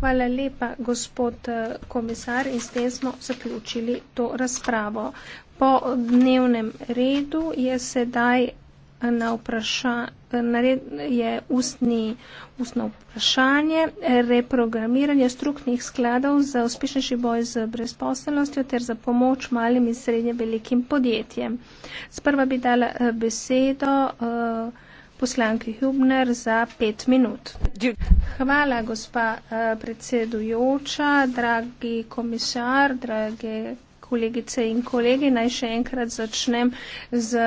Hvala lepa, gospod eh, komisar. In s tem smo zaključili to razpravo. Po dnevnem redu je sedaj na vprašanje, na red, je ustni, ustno vprašanje, reprogramiranje struknih skladov za uspešnejši boj z brezposelnostjo ter za pomoč malim in srednje velikim podjetjem. Sprva bi dala eh, besedo. Uh, poslanki Hubner za pet minut. Hvala, gospa eh, predsedujoča, dragi komisar, drage kolegice in kolegi. Naj še enkrat začnem z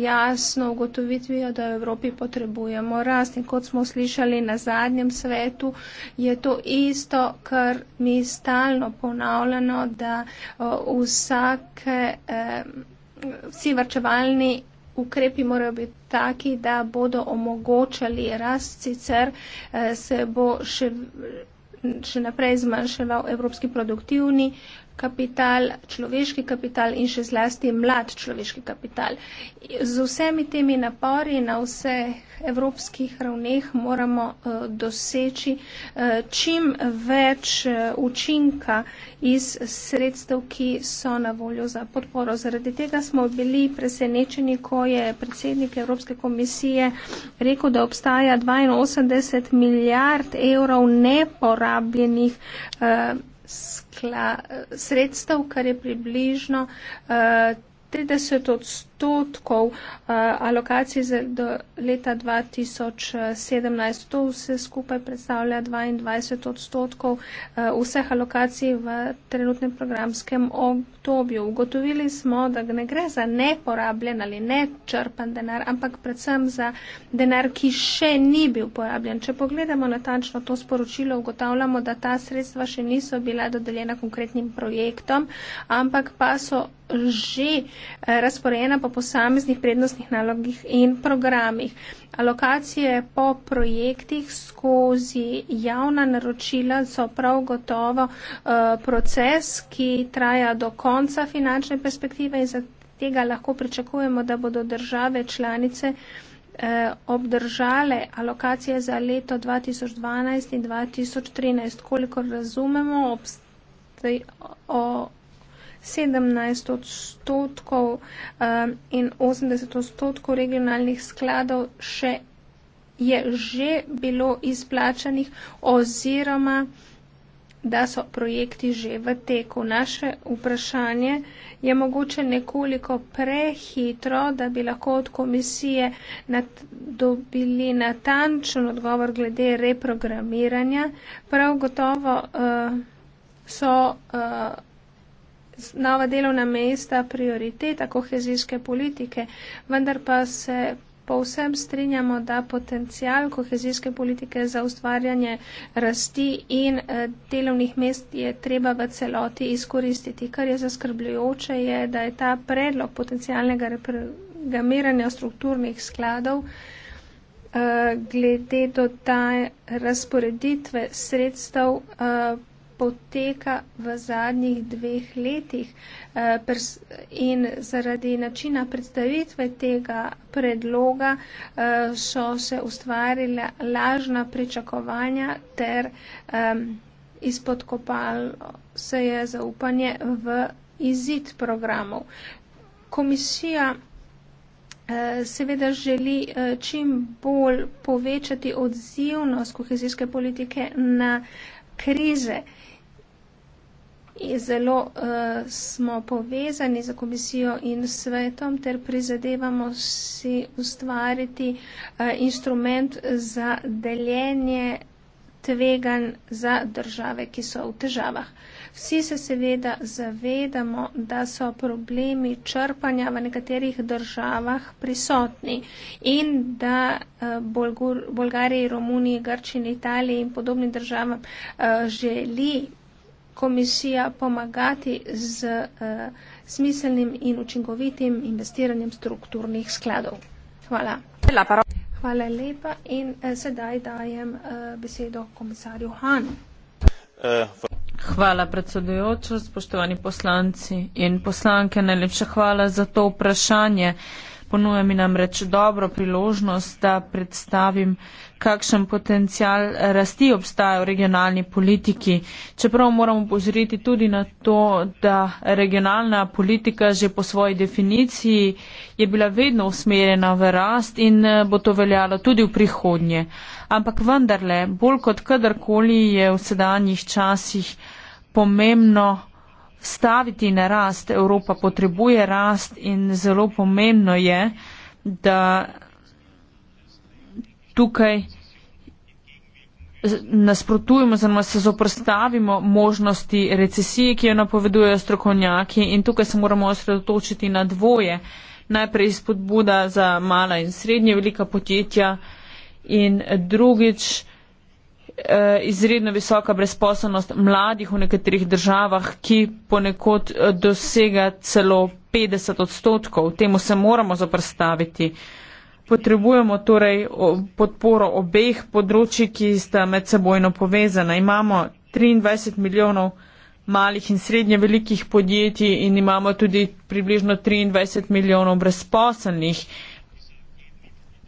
jasno ugotovitvijo, da v Evropi potrebujemo rast. In kot smo slišali na zadnjem svetu, je to isto, kar mi stalno ponavljamo, da eh, vsake, eh, vsi varčevalni ukrepi morajo biti taki, da bodo omogočali rast, sicer eh, se bo še, še naprej zmanjšal evropski produktivni kapital, človeški kapital in še zlasti mlad človeški kapital. Z vsemi temi napori na vseh evropskih ravneh moramo eh, doseči eh, čim več eh, učinka iz sredstev, ki so na voljo za podporo. Zaradi tega smo bili presenečeni, ko je predsednik Evropske komisije rekel, da obstaja 82 milijard evrov neporabljenih skrbov rekla, eh, sredstev, kar je približno uh, eh, 30 odstotkov odstotkov eh, alokacij do leta 2017. To vse skupaj predstavlja 22 odstotkov eh, vseh alokacij v trenutnem programskem obdobju. Ugotovili smo, da ne gre za neporabljen ali nečrpan denar, ampak predvsem za denar, ki še ni bil porabljen. Če pogledamo natančno to sporočilo, ugotavljamo, da ta sredstva še niso bila dodeljena konkretnim projektom, ampak pa so že eh, razporejena po po posameznih prednostnih nalogih in programih. Alokacije po projektih skozi javna naročila so prav gotovo uh, proces, ki traja do konca finančne perspektive in za tega lahko pričakujemo, da bodo države članice eh, obdržale alokacije za leto 2012 in 2013. Kolikor razumemo, obstaj, o, 17 odstotkov um, in 80 odstotkov regionalnih skladov še je že bilo izplačanih oziroma da so projekti že v teku. Naše vprašanje je mogoče nekoliko prehitro, da bi lahko od komisije nat dobili natančen odgovor glede reprogramiranja. Prav gotovo uh, so. Uh, nova delovna mesta prioriteta kohezijske politike, vendar pa se povsem strinjamo, da potencial kohezijske politike za ustvarjanje rasti in eh, delovnih mest je treba v celoti izkoristiti. Kar je zaskrbljujoče, je, da je ta predlog potencialnega reprogramiranja strukturnih skladov eh, glede do ta razporeditve sredstev eh, poteka v zadnjih dveh letih eh, in zaradi načina predstavitve tega predloga eh, so se ustvarila lažna pričakovanja ter izpodkopalo se je zaupanje v izid programov. Komisija eh, seveda želi čim bolj povečati odzivnost kohezijske politike na krize. Zelo uh, smo povezani z komisijo in svetom ter prizadevamo si ustvariti uh, instrument za deljenje tvegan za države, ki so v težavah. Vsi se seveda zavedamo, da so problemi črpanja v nekaterih državah prisotni in da eh, Bolgariji, Romuniji, Grčiji, Italiji in podobnim državam želi komisija pomagati z uh, smiselnim in učinkovitim investiranjem strukturnih skladov. Hvala. Hvala lepa in uh, sedaj dajem uh, besedo komisarju Han. Hvala predsedujoča, spoštovani poslanci in poslanke. Najlepša hvala za to vprašanje. Uh, ponuja mi namreč dobro priložnost, da predstavim, kakšen potencial rasti obstaja v regionalni politiki. Čeprav moramo pozoriti tudi na to, da regionalna politika že po svoji definiciji je bila vedno usmerjena v rast in eh, bo to veljalo tudi v prihodnje. Ampak vendarle, bolj kot kadarkoli je v sedanjih časih pomembno staviti na rast. Evropa potrebuje rast in zelo pomembno je, da tukaj nasprotujemo oziroma se zoprstavimo možnosti recesije, ki jo napovedujejo strokovnjaki in tukaj se moramo osredotočiti na dvoje. Najprej spodbuda za mala in srednje velika podjetja in drugič Eh, izredno visoka brezposobnost mladih v nekaterih državah, ki ponekod eh, dosega celo 50 odstotkov. Temu se moramo zaprstaviti. Potrebujemo torej podporo obeh področji, ki sta med sebojno povezana. Imamo 23 milijonov malih in srednje velikih podjetij in imamo tudi približno 23 milijonov brezposobnih.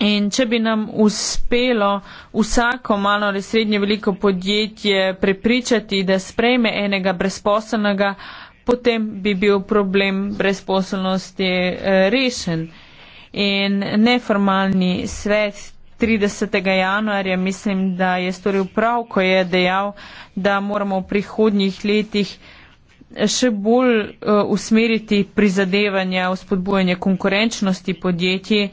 In če bi nam uspelo vsako malo ali srednje veliko podjetje prepričati, da sprejme enega brezposelnega, potem bi bil problem brezposelnosti eh, rešen. In neformalni svet 30. januarja mislim, da je storil prav, ko je dejal, da moramo v prihodnjih letih eh, še bolj eh, usmeriti prizadevanja v spodbujanje konkurenčnosti podjetij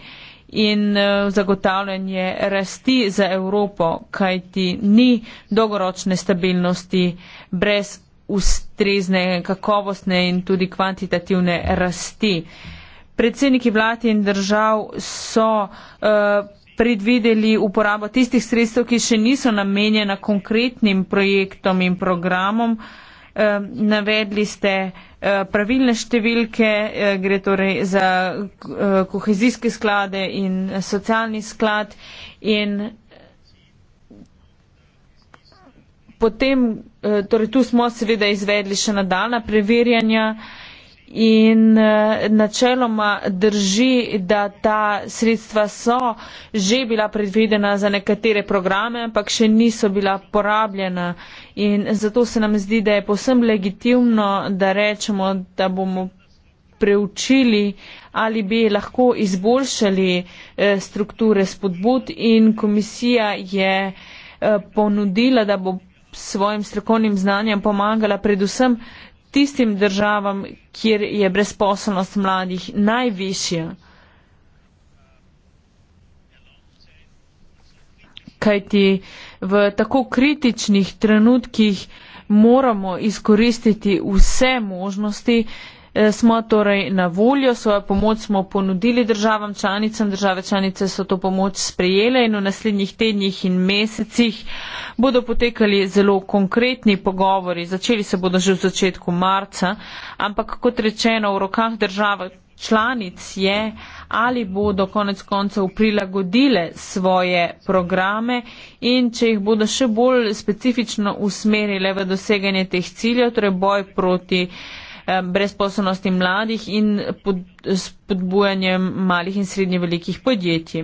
in eh, zagotavljanje rasti za Evropo, kajti ni dolgoročne stabilnosti brez ustrezne, kakovostne in tudi kvantitativne rasti. Predsedniki vlad in držav so uh, predvideli uporabo tistih sredstev, ki še niso namenjena konkretnim projektom in programom, uh, navedli ste eh, pravilne številke, eh, gre torej za eh, kohezijske sklade in socialni sklad in potem, torej tu smo seveda izvedli še nadaljna preverjanja. In eh, načeloma drži, da ta sredstva so že bila predvidena za nekatere programe, ampak še niso bila porabljena. In zato se nam zdi, da je posem legitimno, da rečemo, da bomo preučili ali bi lahko izboljšali eh, strukture spodbud in komisija je eh, ponudila, da bo svojim strokovnim znanjem pomagala predvsem tistim državam, kjer je brezposobnost mladih najvišja. Kajti v tako kritičnih trenutkih moramo izkoristiti vse možnosti, Eh, smo torej na voljo, svojo pomoč smo ponudili državam članicam, države članice so to pomoč sprejele in v naslednjih tednih in mesecih bodo potekali zelo konkretni pogovori. Začeli se bodo že v začetku marca, ampak kot rečeno, v rokah države članic je, ali bodo konec koncev prilagodile svoje programe in če jih bodo še bolj specifično usmerile v doseganje teh ciljev, torej boj proti Eh, brezposobnosti mladih in pod, spodbujanjem malih in srednje velikih podjetij.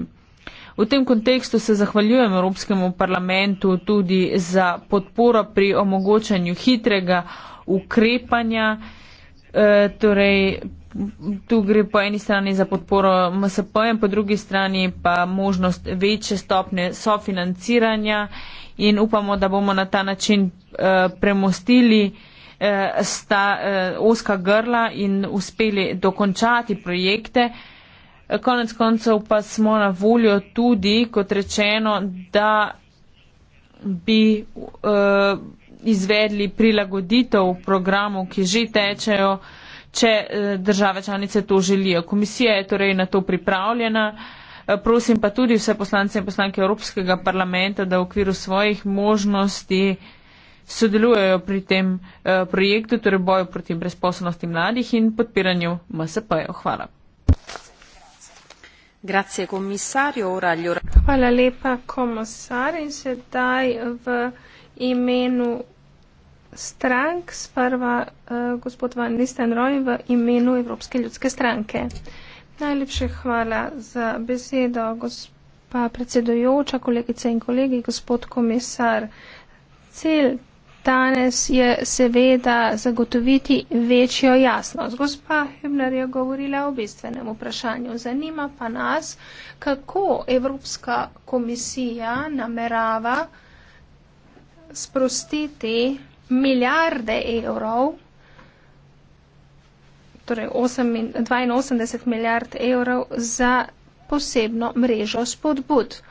V tem kontekstu se zahvaljujem Evropskemu parlamentu tudi za podporo pri omogočanju hitrega ukrepanja. E, torej, tu gre po eni strani za podporo MSP-jem, po drugi strani pa možnost večje stopne sofinanciranja in upamo, da bomo na ta način e, premostili eh, sta eh, oska grla in uspeli dokončati projekte. Konec koncev pa smo na voljo tudi, kot rečeno, da bi eh, izvedli prilagoditev programov, ki že tečejo, če eh, države članice to želijo. Komisija je torej na to pripravljena. Eh, prosim pa tudi vse poslance in poslanke Evropskega parlamenta, da v okviru svojih možnosti eh, sodelujejo pri tem eh, projektu, torej boju proti brezposobnosti mladih in podpiranju MSP-jev. Hvala. Grazie, Hvala lepa, komisar. In sedaj v imenu strank, sprva eh, gospod Van Nistenroj v imenu Evropske ljudske stranke. Najlepše hvala za besedo, gospa predsedujoča, kolegice in kolegi, gospod komisar. Cilj danes je seveda zagotoviti večjo jasnost. Gospa Hübner je govorila o bistvenem vprašanju. Zanima pa nas, kako Evropska komisija namerava sprostiti milijarde evrov, torej 82 milijard evrov za posebno mrežo spodbud.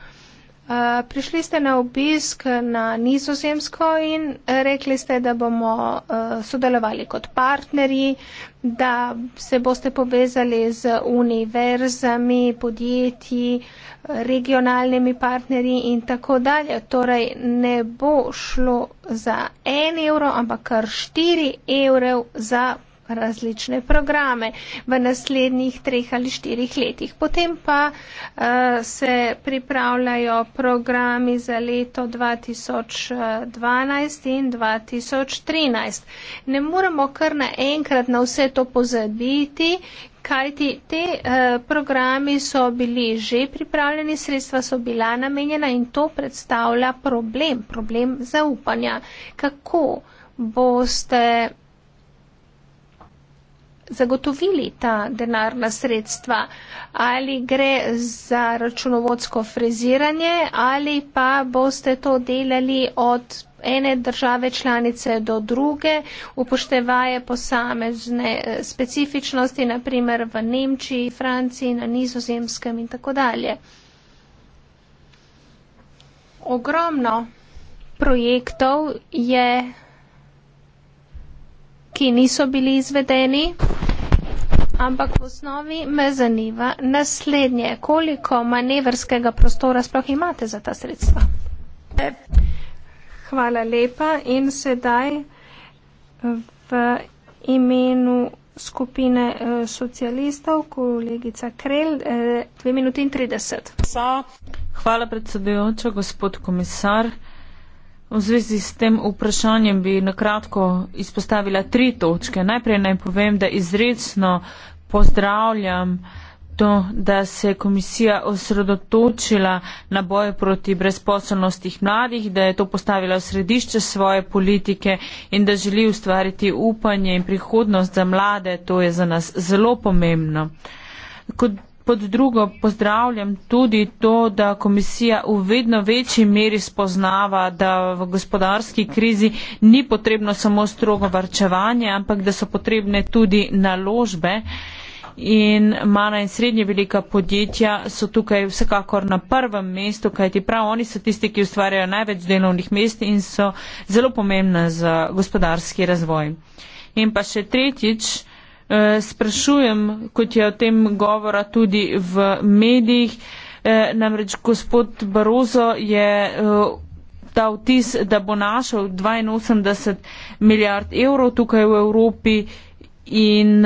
Uh, prišli ste na obisk na nizozemsko in rekli ste, da bomo uh, sodelovali kot partnerji, da se boste povezali z univerzami, podjetji, regionalnimi partnerji in tako dalje. Torej ne bo šlo za en evro, ampak kar štiri evrov za različne programe v naslednjih treh ali štirih letih. Potem pa uh, se pripravljajo programi za leto 2012 in 2013. Ne moramo kar naenkrat na vse to pozabiti. Kajti te eh, programi so bili že pripravljeni, sredstva so bila namenjena in to predstavlja problem, problem zaupanja. Kako boste zagotovili ta denarna sredstva, ali gre za računovodsko freziranje, ali pa boste to delali od ene države članice do druge, upoštevaje posamezne eh, specifičnosti, naprimer v Nemčiji, Franciji, na nizozemskem in tako dalje. Ogromno projektov je ki niso bili izvedeni. Ampak v osnovi me zanima naslednje, koliko manevrskega prostora sploh imate za ta sredstva. Hvala lepa in sedaj v imenu skupine eh, socialistov, kolegica Krel, eh, 2 minuti in 30. Hvala predsedujoča, gospod komisar. V zvezi s tem vprašanjem bi nakratko izpostavila tri točke. Najprej naj povem, da izredno pozdravljam to, da se je komisija osredotočila na boje proti brezposobnosti mladih, da je to postavila v središče svoje politike in da želi ustvariti upanje in prihodnost za mlade. To je za nas zelo pomembno. Kod Pod drugo pozdravljam tudi to, da komisija v vedno večji meri spoznava, da v gospodarski krizi ni potrebno samo strogo varčevanje, ampak da so potrebne tudi naložbe. In mala in srednje velika podjetja so tukaj vsekakor na prvem mestu, kajti prav oni so tisti, ki ustvarjajo največ delovnih mest in so zelo pomembna za gospodarski razvoj. In pa še tretjič. Eh, sprašujem, kot je o tem govora tudi v medijih. Eh, namreč gospod Barozo je eh, ta vtis, da bo našel 82 milijard evrov tukaj v Evropi in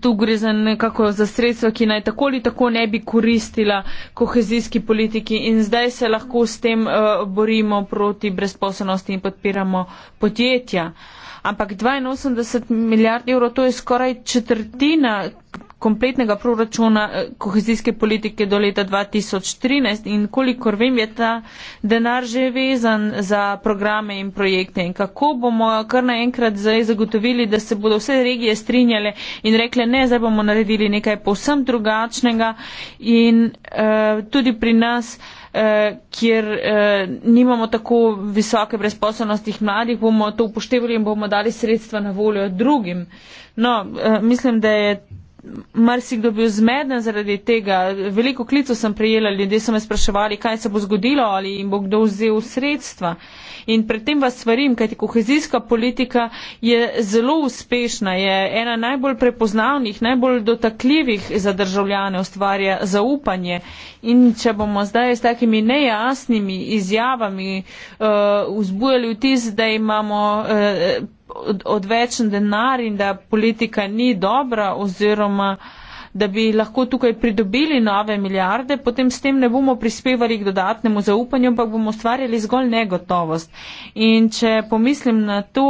tu gre za nekako za sredstvo, ki naj tako ali tako ne bi koristila kohezijski politiki in zdaj se lahko s tem borimo proti brezposobnosti in podpiramo podjetja ampak 82 milijard evrov, to je skoraj četrtina kompletnega proračuna eh, kohezijske politike do leta 2013 in kolikor vem, je ta denar že vezan za programe in projekte in kako bomo kar naenkrat zdaj zagotovili, da se bodo vse regije strinjale in rekle ne, zdaj bomo naredili nekaj povsem drugačnega in uh, tudi pri nas. Eh, kjer eh, nimamo tako visoke brezposobnosti mladih, bomo to upoštevali in bomo dali sredstva na voljo drugim. No, eh, mislim, da je marsikdo bil zmeden zaradi tega. Veliko klicev sem prijela, ljudje so me spraševali, kaj se bo zgodilo ali jim bo kdo vzel sredstva. In predtem vas svarim, kajti kohezijska politika je zelo uspešna, je ena najbolj prepoznavnih, najbolj dotakljivih za državljane, ustvarja zaupanje. In če bomo zdaj s takimi nejasnimi izjavami uh, vzbujali vtis, da imamo. Uh, od, odvečen denar in da politika ni dobra oziroma da bi lahko tukaj pridobili nove milijarde, potem s tem ne bomo prispevali k dodatnemu zaupanju, ampak bomo ustvarjali zgolj negotovost. In če pomislim na to,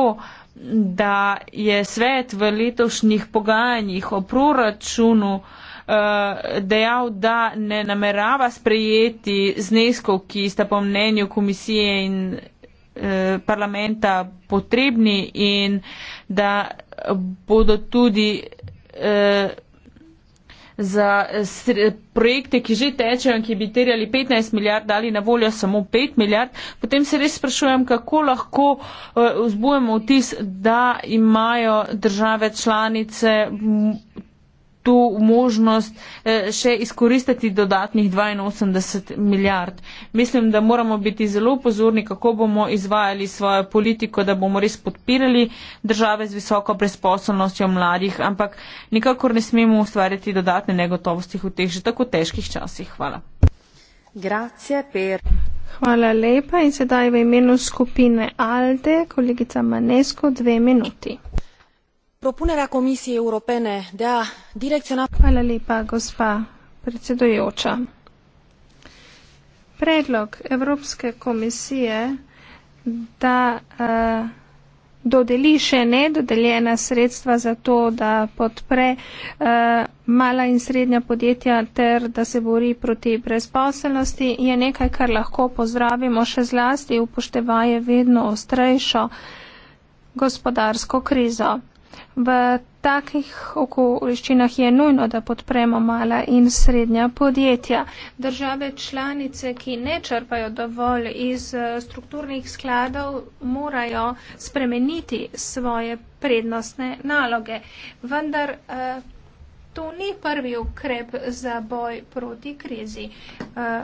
da je svet v letošnjih pogajanjih o proračunu eh, dejal, da ne namerava sprejeti zneskov, ki sta po mnenju komisije in Eh, parlamenta potrebni in da bodo tudi eh, za projekte, ki že tečejo in ki bi terjali 15 milijard, dali na voljo samo 5 milijard, potem se res sprašujem, kako lahko eh, vzbujemo vtis, da imajo države članice tu možnost eh, še izkoristiti dodatnih 82 milijard. Mislim, da moramo biti zelo pozorni, kako bomo izvajali svojo politiko, da bomo res podpirali države z visoko brezposobnostjo mladih, ampak nikakor ne smemo ustvarjati dodatne negotovosti v teh že tako težkih časih. Hvala. Grazie per. Hvala lepa in sedaj v imenu skupine Alde, kolegica Manesko, dve minuti propunerea comisiei europene de a direciona. predlog evropske komisije da uh, dodeli še nedodeljena sredstva za to, da podpre uh, mala in srednja podjetja ter da se bori proti brezposelnosti, je nekaj, kar lahko pozdravimo še zlasti upoštevaje vedno ostrejšo gospodarsko krizo. V takih okoliščinah je nujno, da podpremo mala in srednja podjetja. Države članice, ki ne črpajo dovolj iz eh, strukturnih skladov, morajo spremeniti svoje prednostne naloge. Vendar eh, to ni prvi ukrep za boj proti krizi. Eh,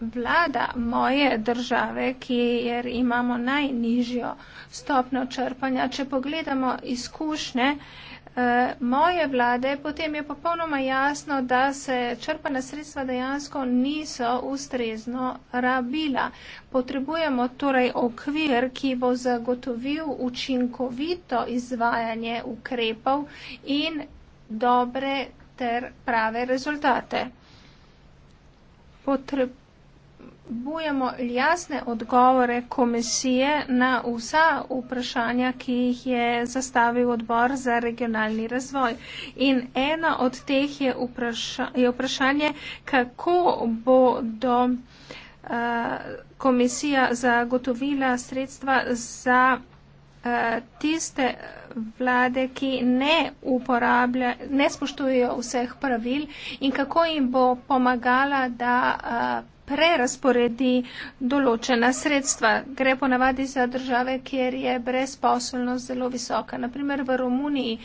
vlada moje države, kjer imamo najnižjo stopno črpanja, če pogledamo izkušnje eh, moje vlade, potem je popolnoma jasno, da se črpana sredstva dejansko niso ustrezno rabila. Potrebujemo torej okvir, ki bo zagotovil učinkovito izvajanje ukrepov in dobre ter prave rezultate. Potrebujemo potrebujemo jasne odgovore komisije na vsa vprašanja, ki jih je zastavil odbor za regionalni razvoj. In ena od teh je, vpraša, je vprašanje, kako bo do eh, komisija zagotovila sredstva za eh, tiste vlade, ki ne uporablja, ne spoštujejo vseh pravil in kako jim bo pomagala, da eh, prerasporedi določena sredstva. Gre ponavadi za države, kjer je brezposelnost zelo visoka. Naprimer v Romuniji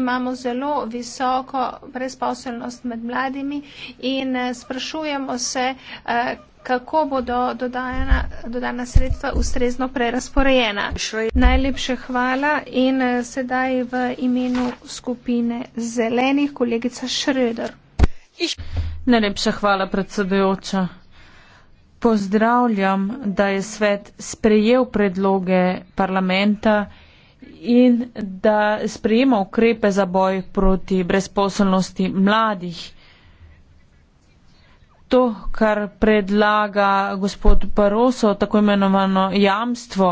imamo zelo visoko brezposelnost med mladimi in eh, sprašujemo se, eh, kako bodo dodana, dodana sredstva ustrezno prerasporejena. Najlepše hvala in eh, sedaj v imenu skupine zelenih kolegica Šreder. Najlepša hvala predsedujoča pozdravljam, da je svet sprejel predloge parlamenta in da sprejema ukrepe za boj proti brezposelnosti mladih to, kar predlaga gospod Paroso, tako imenovano jamstvo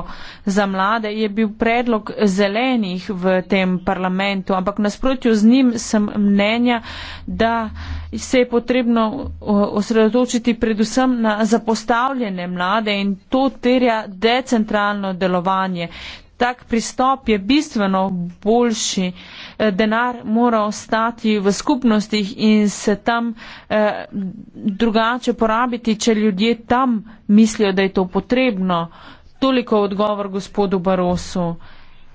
za mlade, je bil predlog zelenih v tem parlamentu, ampak nasprotju z njim sem mnenja, da se je potrebno osredotočiti predvsem na zapostavljene mlade in to terja decentralno delovanje. Tak pristop je bistveno boljši. Eh, denar mora ostati v skupnostih in se tam eh, drugače porabiti, če ljudje tam mislijo, da je to potrebno. Toliko odgovor gospodu Barosu.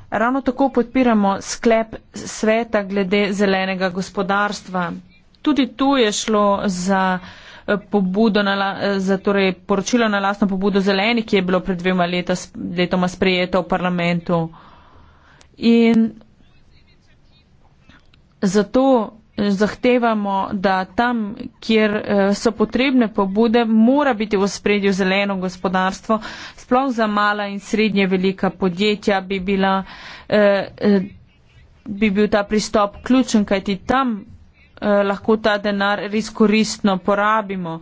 Ravno tako podpiramo sklep sveta glede zelenega gospodarstva. Tudi tu je šlo za pobudo na, eh, za torej, poročilo na lastno pobudo zeleni, ki je bilo pred dvema leta, letoma sprejeto v parlamentu. In zato zahtevamo, da tam, kjer eh, so potrebne pobude, mora biti v spredju zeleno gospodarstvo, sploh za mala in srednje velika podjetja bi bila. Eh, eh bi bil ta pristop ključen, kajti tam Eh, lahko ta denar res koristno porabimo.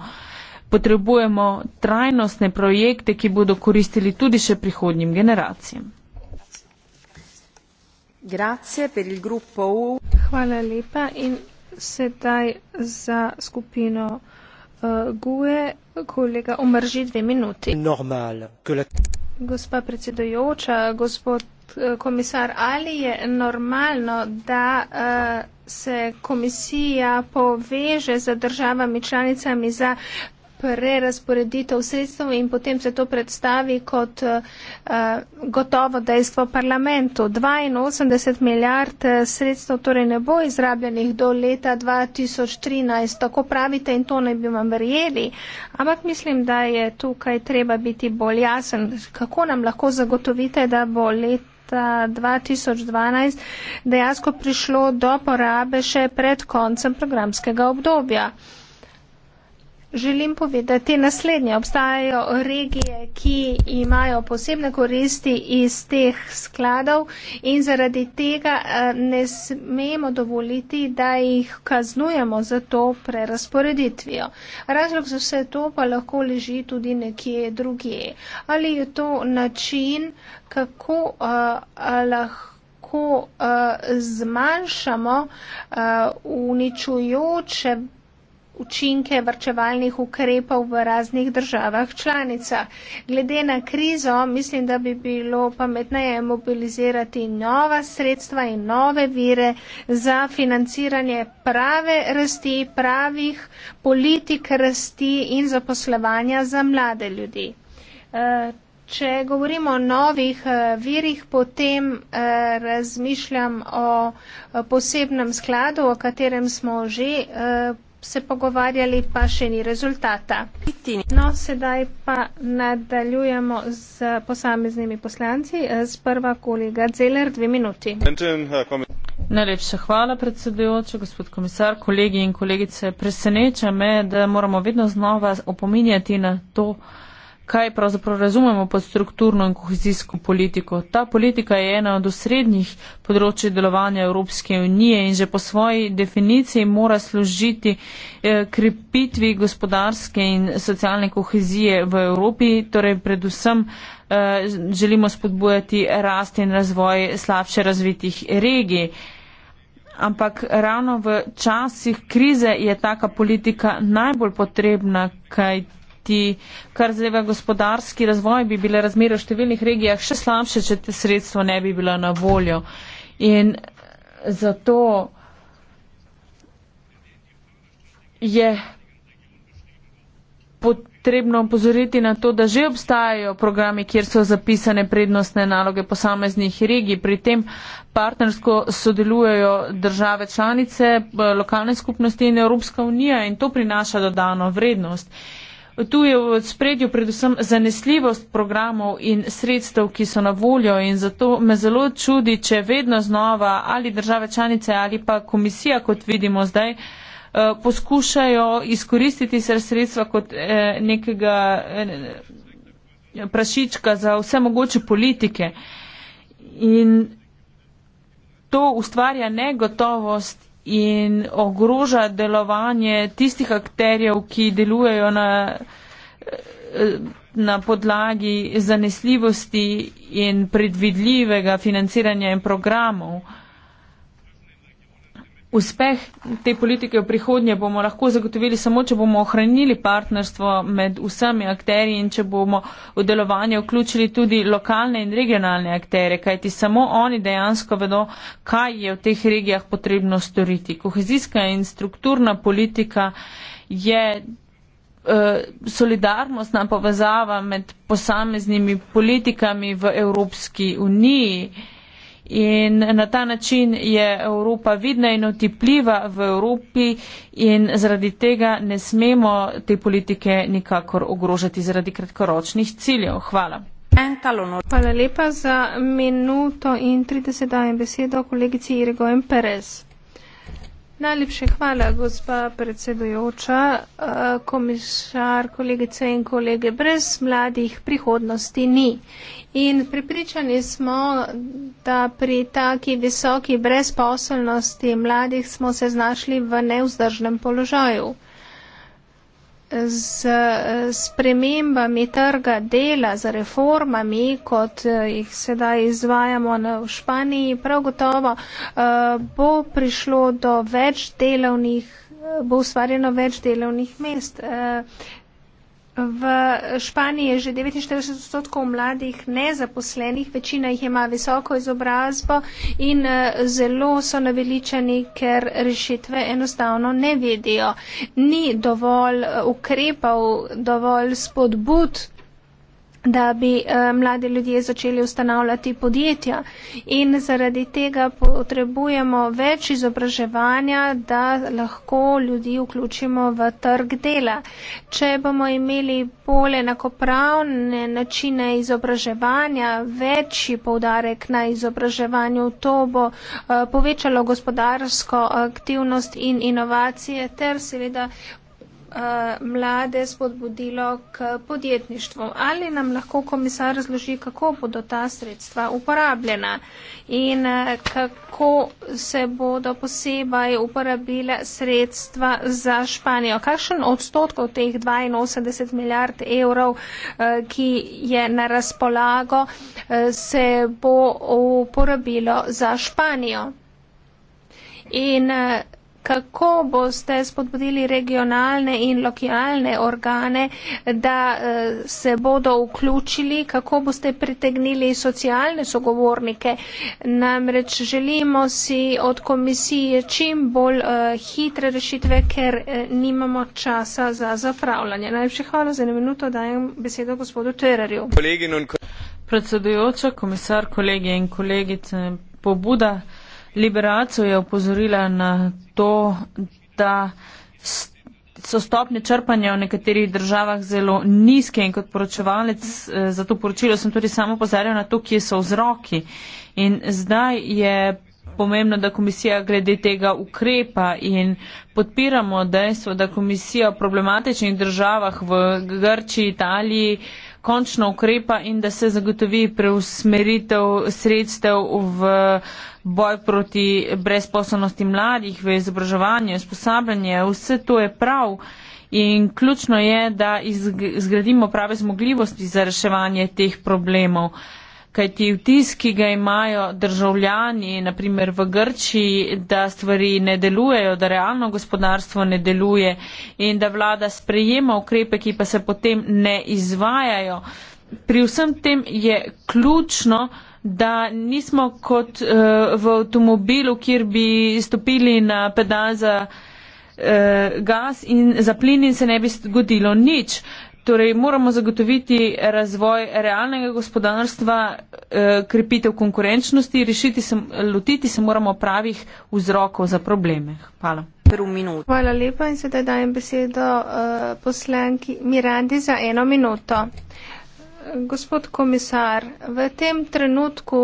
Potrebujemo trajnostne projekte, ki bodo koristili tudi še prihodnjim generacijam. Hvala lepa in sedaj za skupino eh, GUE, kolega omrži dve minuti. Gospa predsedojoča, gospod eh, komisar, ali je normalno, da uh, se komisija poveže z državami članicami za prerasporeditev sredstev in potem se to predstavi kot uh, gotovo dejstvo parlamentu. 82 milijard eh, sredstev torej ne bo izrabljenih do leta 2013, tako pravite in to ne bi vam verjeli, ampak mislim, da je tukaj treba biti bolj jasen, kako nam lahko zagotovite, da bo let, leta 2012 dejansko prišlo do porabe še pred koncem programskega obdobja. Želim povedati naslednje. Obstajajo regije, ki imajo posebne koristi iz teh skladov in zaradi tega eh, ne smemo dovoliti, da jih kaznujemo za to prerasporeditvijo. Razlog za vse to pa lahko leži tudi nekje drugje. Ali je to način, kako uh, lahko ko uh, eh, zmanjšamo uh, uničujoče učinke vrčevalnih ukrepov v raznih državah članicah. Glede na krizo mislim, da bi bilo pametneje mobilizirati nova sredstva in nove vire za financiranje prave rasti, pravih politik rasti in zaposlovanja za mlade ljudi. Eh, če govorimo o novih eh, virih, potem eh, razmišljam o posebnem skladu, o katerem smo že se pogovarjali, pa še ni rezultata. No, sedaj pa nadaljujemo z posameznimi poslanci. Sprva kolega Zeller, dve minuti. Najlepša hvala, predsedujoča, gospod komisar, kolegi in kolegice. Preseneča me, da moramo vedno znova opominjati na to, kaj pravzaprav razumemo pod strukturno in kohezijsko politiko. Ta politika je ena od osrednjih področji delovanja Evropske unije in že po svoji definiciji mora služiti eh, krepitvi gospodarske in socialne kohezije v Evropi, torej predvsem eh, želimo spodbujati rast in razvoj slabše razvitih regij. Ampak ravno v časih krize je taka politika najbolj potrebna, kaj Kajti kar zadeva gospodarski razvoj, bi bile razmere v številnih regijah še slabše, če te sredstvo ne bi bilo na voljo. In zato je potrebno opozoriti na to, da že obstajajo programi, kjer so zapisane prednostne naloge posameznih regij. Pri tem partnersko sodelujejo države članice, lokalne skupnosti in Evropska unija in to prinaša dodano vrednost. Tu je v spredju predvsem zanesljivost programov in sredstev, ki so na voljo in zato me zelo čudi, če vedno znova ali države članice ali pa komisija, kot vidimo zdaj, eh, poskušajo izkoristiti se sredstva kot eh, nekega eh, prašička za vse mogoče politike. In to ustvarja negotovost in ogroža delovanje tistih akterjev, ki delujejo na, eh, na podlagi zanesljivosti in predvidljivega financiranja in programov. Uspeh te politike v prihodnje bomo lahko zagotovili samo, če bomo ohranili partnerstvo med vsemi akteri in če bomo v delovanje vključili tudi lokalne in regionalne akterje, kajti samo oni dejansko vedo, kaj je v teh regijah potrebno storiti. Kohezijska in strukturna politika je eh, solidarnostna povezava med posameznimi politikami v Evropski uniji. In na ta način je Evropa vidna in otipljiva v Evropi in zaradi tega ne smemo te politike nikakor ogrožati zaradi kratkoročnih ciljev. Hvala. Hvala lepa za minuto in 30 dajem besedo kolegici Irigojem Perez. Najlepše hvala, gospa predsedujoča, eh, komisar, kolegice in kolege. Brez mladih prihodnosti ni. In pripričani smo, da pri taki visoki brezposelnosti mladih smo se znašli v neuzdržnem položaju z eh, spremembami trga dela, z reformami, kot eh, jih sedaj izvajamo v Španiji, prav gotovo eh, bo prišlo do več delovnih, bo ustvarjeno več delovnih mest. V Španiji je že 49 odstotkov mladih nezaposlenih, večina jih ima visoko izobrazbo in eh, zelo so naveličani, ker rešitve enostavno ne vidijo. Ni dovolj eh, ukrepov, dovolj spodbud da bi eh, mladi ljudje začeli ustanavljati podjetja. In zaradi tega potrebujemo več izobraževanja, da lahko ljudi vključimo v trg dela. Če bomo imeli bolj enakopravne načine izobraževanja, večji povdarek na izobraževanju, to bo eh, povečalo gospodarsko aktivnost in inovacije ter seveda Eh, mlade spodbudilo k podjetništvu. Ali nam lahko komisar razloži, kako bodo ta sredstva uporabljena in eh, kako se bodo posebej uporabile sredstva za Španijo? Kakšen odstotek od teh 82 milijard evrov, eh, ki je na razpolago, se bo uporabilo za Španijo? In Kako boste spodbudili regionalne in lokalne organe, da eh, se bodo vključili, kako boste pritegnili socialne sogovornike? Namreč želimo si od komisije čim bolj uh, hitre rešitve, ker eh, nimamo časa za zapravljanje. Najlepše hvala za eno minuto, dajem besedo gospodu Terarju. Predsedujoča, komisar, kolege in kolegice, pobuda. Liberaco je opozorila na to, da so stopne črpanja v nekaterih državah zelo nizke in kot poročevalec eh, za to poročilo sem tudi samo pozarjal na to, kje so vzroki. In zdaj je pomembno, da komisija glede tega ukrepa in podpiramo dejstvo, da komisija v problematičnih državah v Grči, Italiji, končno ukrepa in da se zagotovi preusmeritev sredstev v boj proti brezposobnosti mladih, v izobraževanje, usposabljanje. Vse to je prav in ključno je, da izgradimo prave zmogljivosti za reševanje teh problemov. Uh, kajti vtis, ki ga imajo državljani, naprimer v Grčiji, da stvari ne delujejo, da realno gospodarstvo ne deluje in da vlada sprejema ukrepe, ki pa se potem ne izvajajo. Pri vsem tem je ključno, da nismo kot uh, v avtomobilu, kjer bi stopili na pedal za uh, gas in za plin in se ne bi zgodilo nič. Uh, Torej, moramo zagotoviti razvoj realnega gospodarstva, eh, krepitev konkurenčnosti, rešiti se, lotiti se moramo pravih vzrokov za probleme. Hvala. Hvala lepa in sedaj dajem besedo eh, poslanki Mirandi za eno minuto. Gospod komisar, v tem trenutku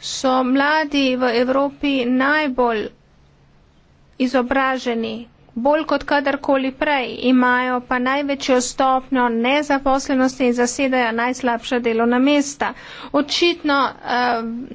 so mladi v Evropi najbolj izobraženi, bolj kot kadarkoli prej, imajo pa največjo stopnjo nezaposlenosti in zasedajo najslabša delovna mesta. Očitno uh,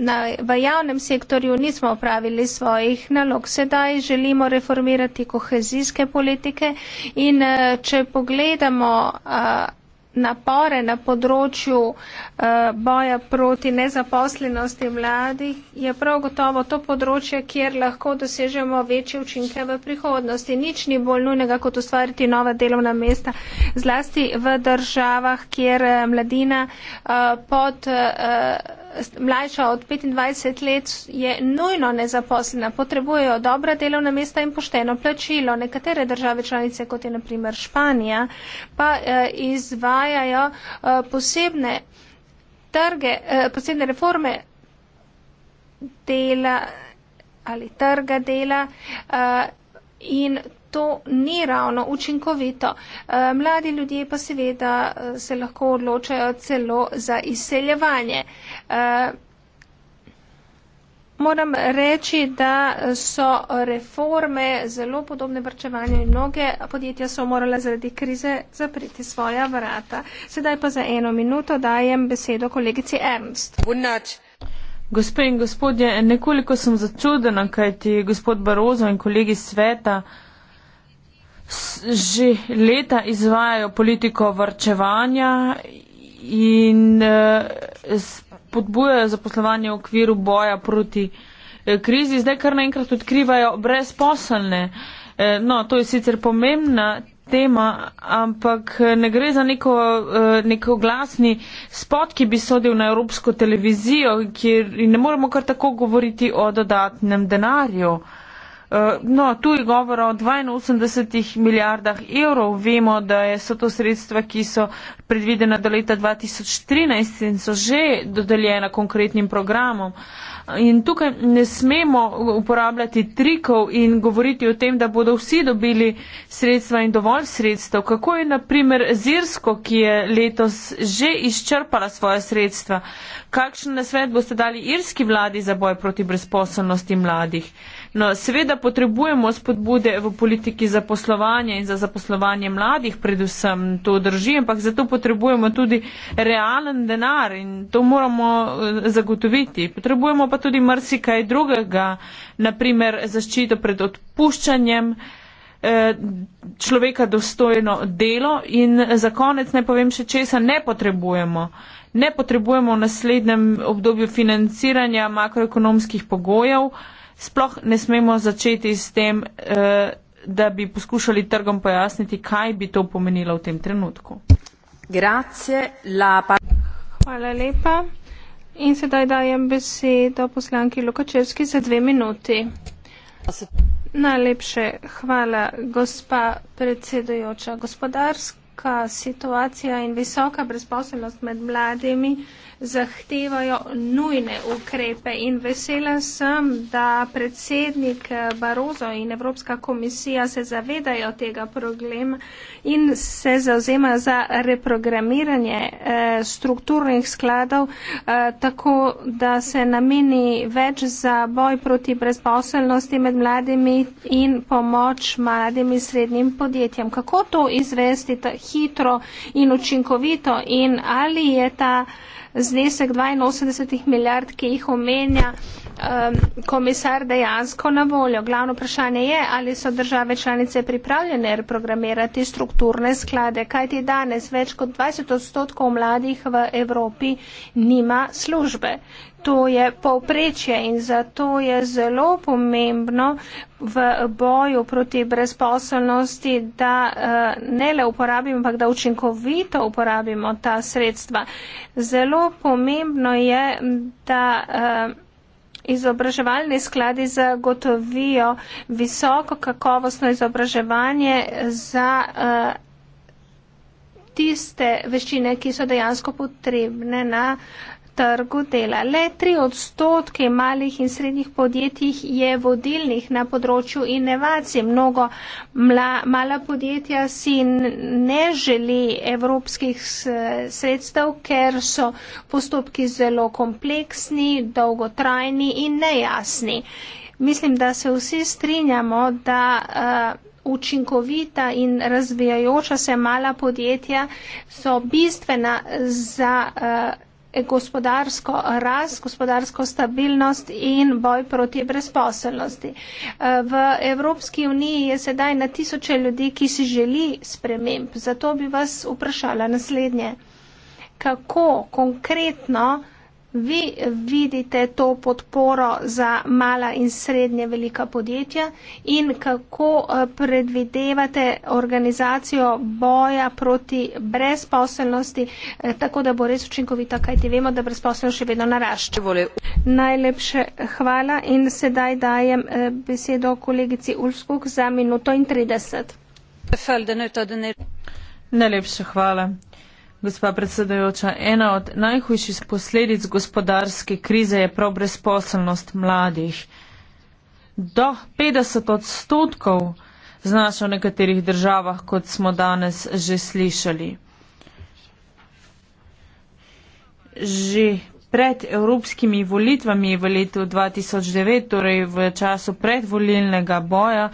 na, v javnem sektorju nismo opravili svojih nalog. Sedaj želimo reformirati kohezijske politike in uh, če pogledamo. Uh, napore na področju eh, boja proti nezaposlenosti mladih, je prav gotovo to področje, kjer lahko dosežemo večje učinke v prihodnosti. Nič ni bolj nujnega, kot ustvariti nova delovna mesta, zlasti v državah, kjer eh, mladina eh, pod mlajša od 25 let je nujno nezaposlena, potrebujejo dobra delovna mesta in pošteno plačilo. Nekatere države članice, kot je naprimer Španija, pa eh, izvajajo eh, posebne trge, eh, posebne reforme dela ali trga dela eh, in to ni ravno učinkovito. Eh, mladi ljudje pa seveda eh, se lahko odločajo celo za izseljevanje. Eh, moram reči, da so reforme zelo podobne vrčevanju in mnoge podjetja so morala zaradi krize zapriti svoja vrata. Sedaj pa za eno minuto dajem besedo kolegici Ernst. Gospe in gospodje, nekoliko sem začudena, kajti gospod Barozo in kolegi sveta že leta izvajajo politiko vrčevanja in eh, podbujajo zaposlovanje v okviru boja proti eh, krizi, zdaj kar naenkrat odkrivajo brezposelne. Eh, no, to je sicer pomembna tema, ampak ne gre za neko, neko glasni spot, ki bi sodel na evropsko televizijo, kjer ne moremo kar tako govoriti o dodatnem denarju. Eh, no, tu je govora o 82 milijardah evrov. Vemo, da so to sredstva, ki so predvidena do leta 2013 in so že dodeljena konkretnim programom. In tukaj ne smemo uporabljati trikov in govoriti o tem, da bodo vsi dobili sredstva in dovolj sredstev. Kako je naprimer Zirsko, ki je letos že izčrpala svoje sredstva? Kakšen nasvet boste dali irski vladi za boj proti brezposobnosti mladih? No, seveda potrebujemo spodbude v politiki za poslovanje in za zaposlovanje mladih, predvsem to drži, ampak zato potrebujemo tudi realen denar in to moramo eh, zagotoviti. Potrebujemo pa tudi marsikaj drugega, naprimer zaščito pred odpuščanjem eh, človeka dostojno delo in za konec naj povem še česa ne potrebujemo. Ne potrebujemo v naslednjem obdobju financiranja makroekonomskih pogojev, sploh ne smemo začeti s tem, eh, da bi poskušali trgom pojasniti, kaj bi to pomenilo v tem trenutku. Grazie, Hvala lepa. In sedaj dajem besedo poslanki Lukačevski za dve minuti. Najlepše hvala, gospa predsedujoča. Gospodarska situacija in visoka brezposelnost med mladimi zahtevajo nujne ukrepe in vesela sem, da predsednik Barozo in Evropska komisija se zavedajo tega problema in se zauzemajo za reprogramiranje eh, strukturnih skladov, eh, tako da se nameni več za boj proti brezposelnosti med mladimi in pomoč mladim in srednjim podjetjem. Kako to izvesti hitro in učinkovito in ali je ta znesek 82 milijard, ki jih omenja um, komisar dejansko na voljo. Glavno vprašanje je, ali so države članice pripravljene reprogramirati strukturne sklade, kajti danes več kot 20 odstotkov mladih v Evropi nima službe. To je povprečje in zato je zelo pomembno v boju proti brezposelnosti, da eh, ne le uporabimo, ampak da učinkovito uporabimo ta sredstva. Zelo pomembno je, da eh, izobraževalni skladi zagotovijo visoko kakovostno izobraževanje za eh, tiste veščine, ki so dejansko potrebne na trgu dela. Le tri odstotke malih in srednjih podjetij je vodilnih na področju inovacij. Mnogo mla, mala podjetja si ne želi evropskih sredstev, ker so postopki zelo kompleksni, dolgotrajni in nejasni. Mislim, da se vsi strinjamo, da. Uh, učinkovita in razvijajoča se mala podjetja so bistvena za uh, gospodarsko rast, gospodarsko stabilnost in boj proti brezposelnosti. V Evropski uniji je sedaj na tisoče ljudi, ki si želi sprememb. Zato bi vas vprašala naslednje. Kako konkretno Vi vidite to podporo za mala in srednje velika podjetja in kako eh, predvidevate organizacijo boja proti brezposelnosti, eh, tako da bo res učinkovita, kajti vemo, da brezposelnost še vedno narašča. Najlepše hvala in sedaj dajem eh, besedo kolegici Ulfskog za minuto in 30. Najlepše hvala. Gospa predsedujoča, ena od najhujših posledic gospodarske krize je prav brezposelnost mladih. Do 50 odstotkov znaša v nekaterih državah, kot smo danes že slišali. Že pred evropskimi volitvami v letu 2009, torej v času predvolilnega boja,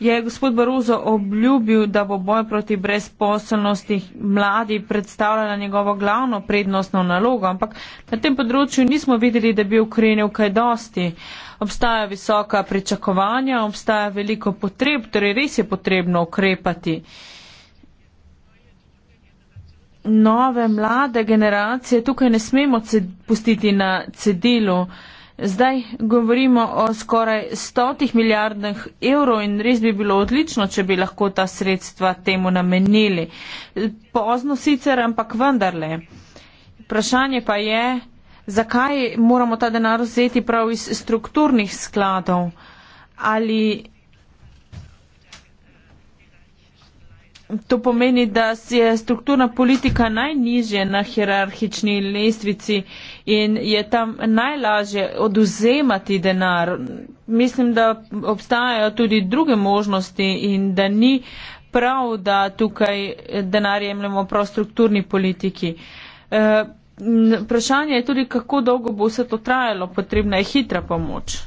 je gospod Baruzo obljubil, da bo boj proti brezposelnosti mladi predstavljala njegovo glavno prednostno nalogo, ampak na tem področju nismo videli, da bi ukrenil kaj dosti. Obstaja visoka pričakovanja, obstaja veliko potreb, torej res je potrebno ukrepati. Nove mlade generacije tukaj ne smemo pustiti na cedilu. Zdaj govorimo o skoraj stotih milijardah evrov in res bi bilo odlično, če bi lahko ta sredstva temu namenili. Pozno sicer, ampak vendarle. Vprašanje pa je, zakaj moramo ta denar vzeti prav iz strukturnih skladov ali To pomeni, da je strukturna politika najnižje na hierarhični lestvici in je tam najlažje oduzemati denar. Mislim, da obstajajo tudi druge možnosti in da ni prav, da tukaj denar jemljemo prav strukturni politiki. Eh, vprašanje je tudi, kako dolgo bo vse to trajalo. Potrebna je hitra pomoč.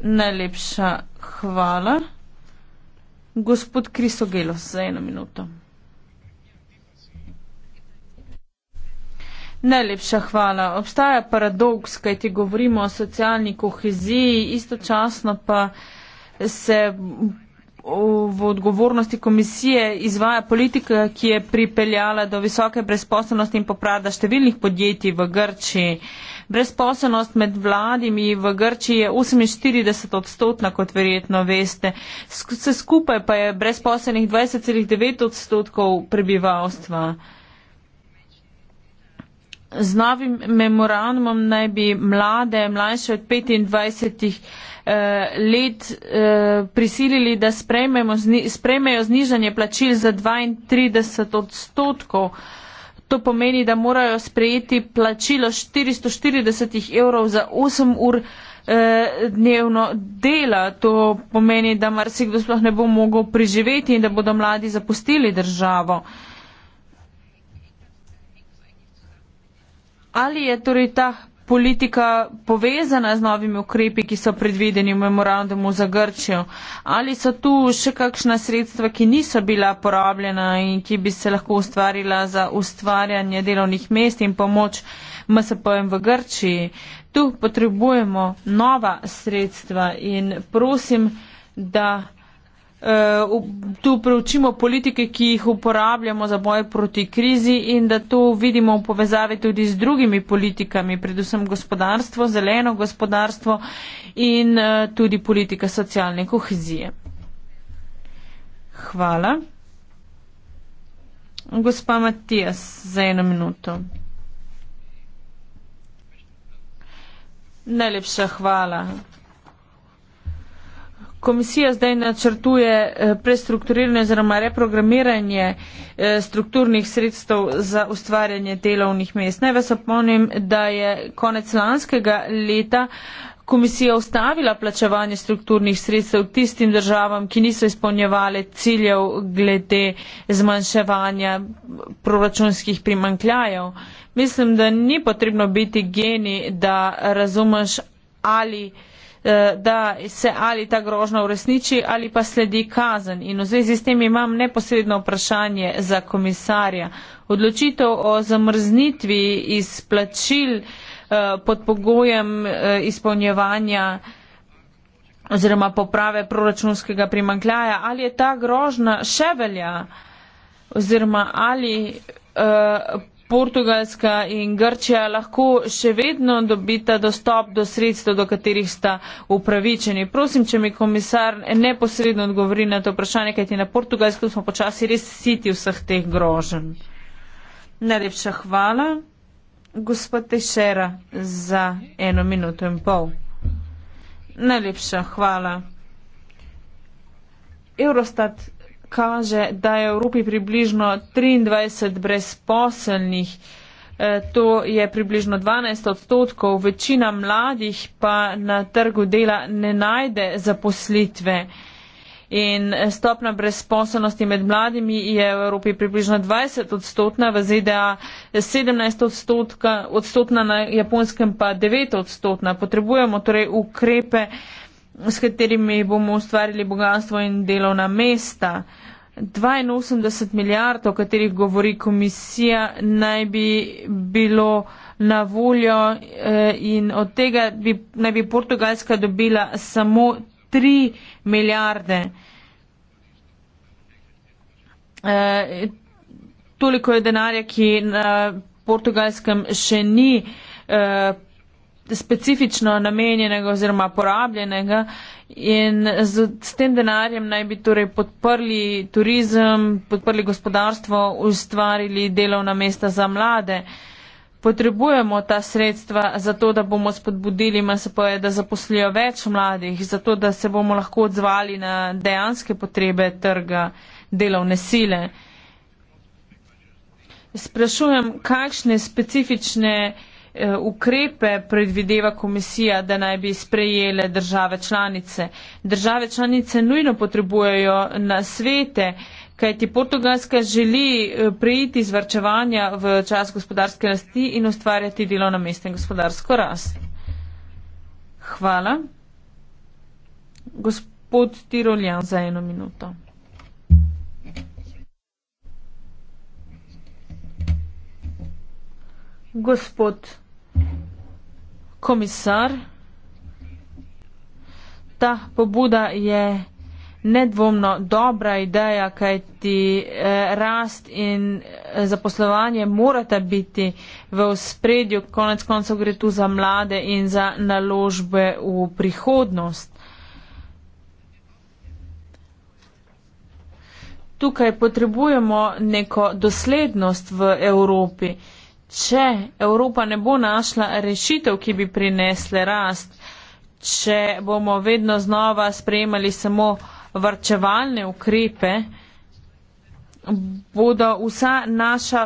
Najlepša hvala. Gospod Krisogelos, za eno minuto. Najlepša hvala. Obstaja paradoks, kaj ti govorimo o socialni koheziji, istočasno pa se v odgovornosti komisije izvaja politika, ki je pripeljala do visoke brezposobnosti in poprada številnih podjetij v Grčiji. Brezposelnost med vladimi v Grčiji je 48 odstotna, kot verjetno veste. Vse skupaj pa je brezposelnih 20,9 odstotkov prebivalstva. Z novim memorandumom naj bi mlade, mlajše od 25 eh, let, eh, prisilili, da zni, sprejmejo znižanje plačil za 32 odstotkov. Eh, To pomeni, da morajo sprejeti plačilo 440 evrov za 8 ur eh, dnevno dela. To pomeni, da marsikdo sploh ne bo mogel priživeti in da bodo mladi zapustili državo. Ali je torej ta politika povezana z novimi ukrepi, ki so predvideni v memorandumu za Grčijo? Ali so tu še kakšna sredstva, ki niso bila porabljena in ki bi se lahko ustvarila za ustvarjanje delovnih mest in pomoč MSP-jem v Grčiji? Tu potrebujemo nova sredstva in prosim, da Eh, tu preučimo politike, ki jih uporabljamo za boj proti krizi in da to vidimo v povezavi tudi z drugimi politikami, predvsem gospodarstvo, zeleno gospodarstvo in eh, tudi politika socialne kohezije. Hvala. Gospa Matijas, za eno minuto. Najlepša hvala. Komisija zdaj načrtuje eh, prestrukturiranje oziroma reprogramiranje eh, strukturnih sredstev za ustvarjanje delovnih mest. Naj vas opomnim, da je konec lanskega leta komisija ustavila plačevanje strukturnih sredstev tistim državam, ki niso izpolnjevali ciljev glede zmanjševanja proračunskih primankljajev. Mislim, da ni potrebno biti geni, da razumeš ali. Eh, da se ali ta grožnja uresniči ali pa sledi kazen. In v zvezi s tem imam neposredno vprašanje za komisarja. Odločitev o zamrznitvi izplačil eh, pod pogojem eh, izpolnjevanja oziroma poprave proračunskega primankljaja, ali je ta grožnja še velja oziroma ali Portugalska in Grčija lahko še vedno dobita dostop do sredstev, do katerih sta upravičeni. Prosim, če mi komisar neposredno odgovori na to vprašanje, kajti na Portugalsko smo počasi res siti vseh teh grožen. Najlepša hvala, gospod Tešera, za eno minuto in pol. Najlepša hvala. Eurostat kaže, da je v Evropi približno 23 brezposelnih. E, to je približno 12 odstotkov. Večina mladih pa na trgu dela ne najde zaposlitve. In stopna brezposelnosti med mladimi je v Evropi približno 20 odstotna, v ZDA 17 odstotka, odstotna na japonskem pa 9 odstotna. Potrebujemo torej ukrepe, s katerimi bomo ustvarili bogatstvo in delovna mesta. 82 milijard, o katerih govori komisija, naj bi bilo na voljo eh, in od tega bi, naj bi Portugalska dobila samo 3 milijarde. Eh, toliko je denarja, ki na portugalskem še ni eh, specifično namenjenega oziroma porabljenega in z, s tem denarjem naj bi torej podprli turizem, podprli gospodarstvo, ustvarili delovna mesta za mlade. Potrebujemo ta sredstva za to, da bomo spodbudili MSP-je, da zaposlijo več mladih, za to, da se bomo lahko odzvali na dejanske potrebe trga delovne sile. Sprašujem, kakšne specifične Eh, ukrepe predvideva komisija, da naj bi sprejele države članice. Države članice nujno potrebujejo na svete, kajti Portugalska želi eh, prejiti iz varčevanja v čas gospodarske rasti in ustvarjati delovna mesta in gospodarsko rast. Hvala. Gospod Tiroljan za eno minuto. Gospod komisar. Ta pobuda je nedvomno dobra ideja, kaj ti eh, rast in eh, zaposlovanje morata biti v spredju, konec koncev gre tu za mlade in za naložbe v prihodnost. Tukaj potrebujemo neko doslednost v Evropi če Evropa ne bo našla rešitev, ki bi prinesle rast, če bomo vedno znova sprejemali samo vrčevalne ukrepe, bodo vsa naša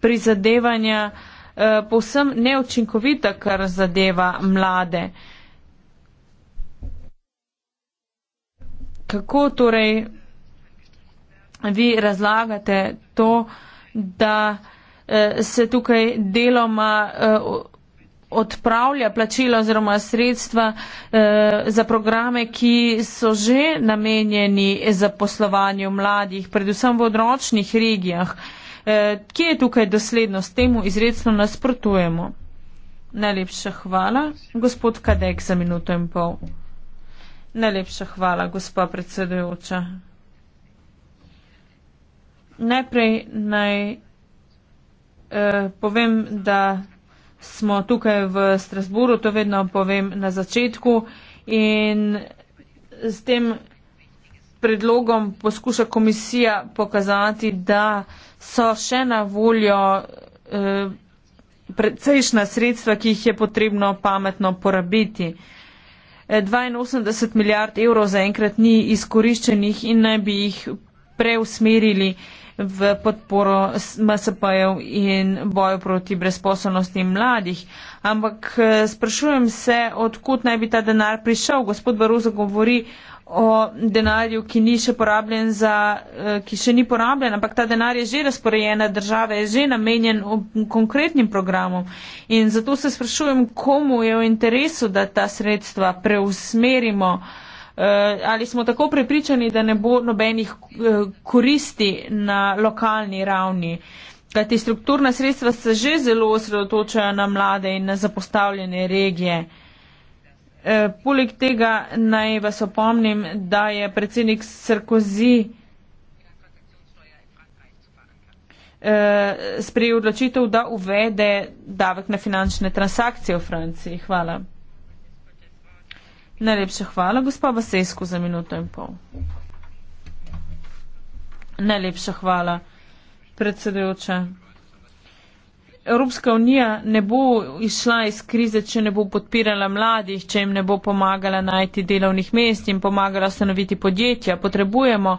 prizadevanja eh, povsem neučinkovita, kar zadeva mlade. Kako torej vi razlagate to, da Eh, se tukaj deloma eh, odpravlja plačila oziroma sredstva eh, za programe, ki so že namenjeni za poslovanje mladih, predvsem v odročnih regijah. Kje je tukaj doslednost? Temu izredno nasprotujemo. Najlepša hvala, gospod Kadek, za minuto in pol. Najlepša hvala, gospa predsedujoča. Najprej naj Eh, povem, da smo tukaj v Strasburu, to vedno povem na začetku in s tem predlogom poskuša komisija pokazati, da so še na voljo eh, precejšna sredstva, ki jih je potrebno pametno porabiti. 82 eh, milijard evrov zaenkrat ni izkoriščenih in naj bi jih preusmerili v podporo MSP-jev in boju proti brezposobnosti mladih. Ampak eh, sprašujem se, odkud naj bi ta denar prišel. Gospod Baruza govori o denarju, ki ni še porabljen za, eh, ki še ni porabljen, ampak ta denar je že razporejen na države, je že namenjen konkretnim programom. In zato se sprašujem, komu je v interesu, da ta sredstva preusmerimo uh, Eh, ali smo tako prepričani, da ne bo nobenih eh, koristi na lokalni ravni. Kajti strukturna sredstva se že zelo osredotočajo na mlade in na zapostavljene regije. E, poleg tega naj vas opomnim, da je predsednik Sarkozy e, sprejel odločitev, da uvede davek na finančne transakcije v Franciji. Hvala. Najlepša hvala, gospa Basesko, za minuto in pol. Najlepša hvala, predsedujoča. Evropska unija ne bo išla iz krize, če ne bo podpirala mladih, če jim ne bo pomagala najti delovnih mest in pomagala ustanoviti podjetja. Potrebujemo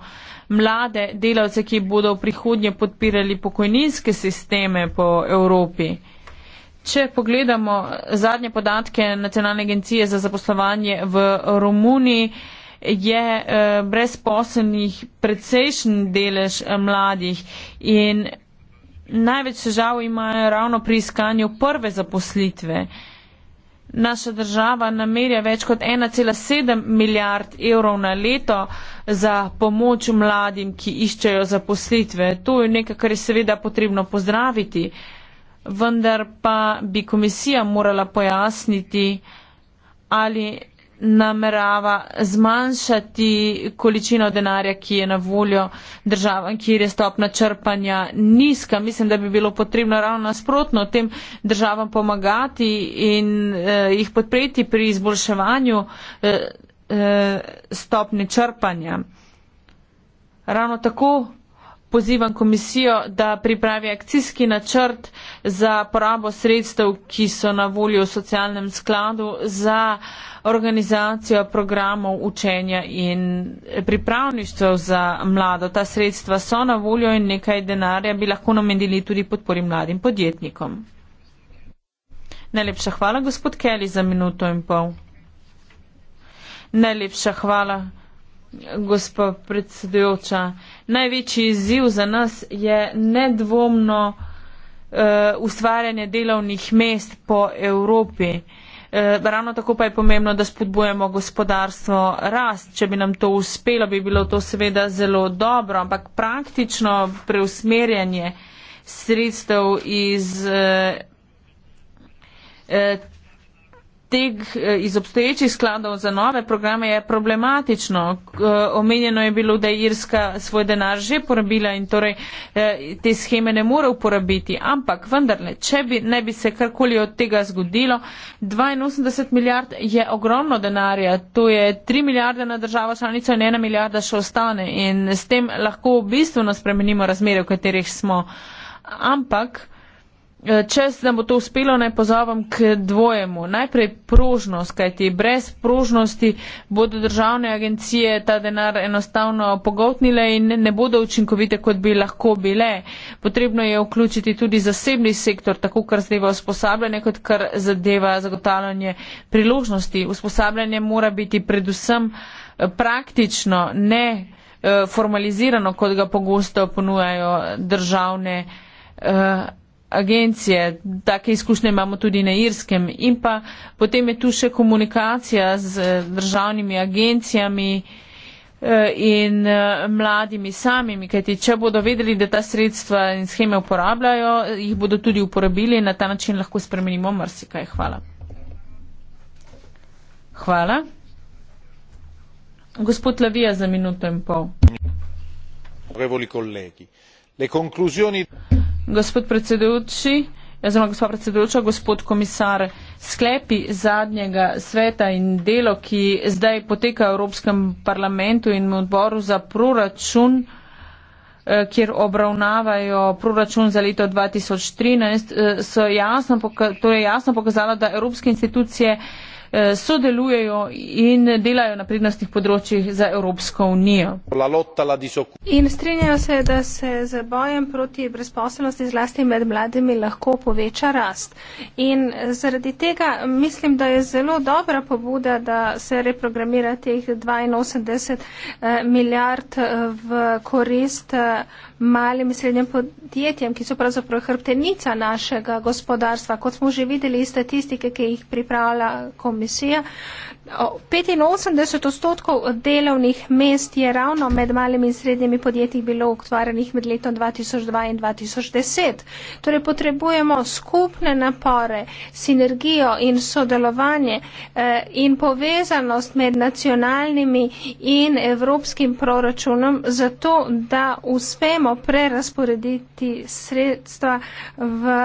mlade delavce, ki bodo v prihodnje podpirali pokojninske sisteme po Evropi. Če pogledamo zadnje podatke Nacionalne agencije za zaposlovanje v Romuniji, je eh, brezposelnih precejšen delež eh, mladih in največ težav imajo ravno pri iskanju prve zaposlitve. Naša država namerja več kot 1,7 milijard evrov na leto za pomoč mladim, ki iščejo zaposlitve. To je nekaj, kar je seveda potrebno pozdraviti vendar pa bi komisija morala pojasniti, ali namerava zmanjšati količino denarja, ki je na voljo državam, kjer je stopna črpanja nizka. Mislim, da bi bilo potrebno ravno nasprotno tem državam pomagati in eh, jih podpreti pri izboljševanju eh, eh, stopne črpanja. Ravno tako pozivam komisijo, da pripravi akcijski načrt za porabo sredstev, ki so na voljo v socialnem skladu za organizacijo programov učenja in pripravništva za mlado. Ta sredstva so na voljo in nekaj denarja bi lahko namenili tudi podpori mladim podjetnikom. Najlepša hvala, gospod Kelly, za minuto in pol. Najlepša hvala. Gospa predsedujoča, največji izziv za nas je nedvomno uh, ustvarjanje delovnih mest po Evropi. Uh, ravno tako pa je pomembno, da spodbujemo gospodarstvo rast. Če bi nam to uspelo, bi bilo to seveda zelo dobro, ampak praktično preusmerjanje sredstev iz. Uh, teg eh, iz obstoječih skladov za nove programe je problematično. Eh, omenjeno je bilo, da je Irska svoj denar že porabila in torej eh, te scheme ne more uporabiti. Ampak vendarle, če bi ne bi se karkoli od tega zgodilo, 82 milijard je ogromno denarja. To je 3 milijarde na državo članico in 1 milijarda še ostane. In s tem lahko bistveno spremenimo razmere, v katerih smo. Ampak. Eh, če se nam bo to uspelo, naj pozovem k dvojemu. Najprej prožnost, kajti brez prožnosti bodo državne agencije ta denar enostavno pogotnile in ne bodo učinkovite, kot bi lahko bile. Potrebno je vključiti tudi zasebni sektor, tako kar zadeva usposabljanje, kot kar zadeva zagotavljanje priložnosti. Usposabljanje mora biti predvsem eh, praktično, ne eh, formalizirano, kot ga pogosto ponujajo državne agencije agencije. Take izkušnje imamo tudi na Irskem. In pa potem je tu še komunikacija z eh, državnimi agencijami eh, in eh, mladimi samimi, kajti če bodo vedeli, da ta sredstva in scheme uporabljajo, jih bodo tudi uporabili in na ta način lahko spremenimo marsikaj. Hvala. Hvala. Gospod Lavija za minuto in pol. Le conclusioni gospod predsedujoči, oziroma gospod predsedujoča, gospod komisar, sklepi zadnjega sveta in delo, ki zdaj poteka v Evropskem parlamentu in odboru za proračun, eh, kjer obravnavajo proračun za leto 2013, eh, so jasno, poka torej jasno pokazalo, da evropske institucije Eh, sodelujejo in delajo na prednostnih področjih za Evropsko unijo. In strinjajo se, da se z bojem proti brezposelnosti zlasti med mladimi lahko poveča rast. In zaradi tega mislim, da je zelo dobra pobuda, da se reprogramira teh 82 eh, milijard eh, v korist malim in srednjim podjetjem, ki so pravzaprav hrbtenica našega gospodarstva. Kot smo že videli iz statistike, ki jih pripravlja komisija, 85 odstotkov delovnih mest je ravno med malim in srednjimi podjetji bilo ukvarjenih med letom 2002 in 2010. Torej potrebujemo skupne napore, sinergijo in sodelovanje eh, in povezanost med nacionalnimi in evropskim proračunom, zato da uspemo prerasporediti sredstva v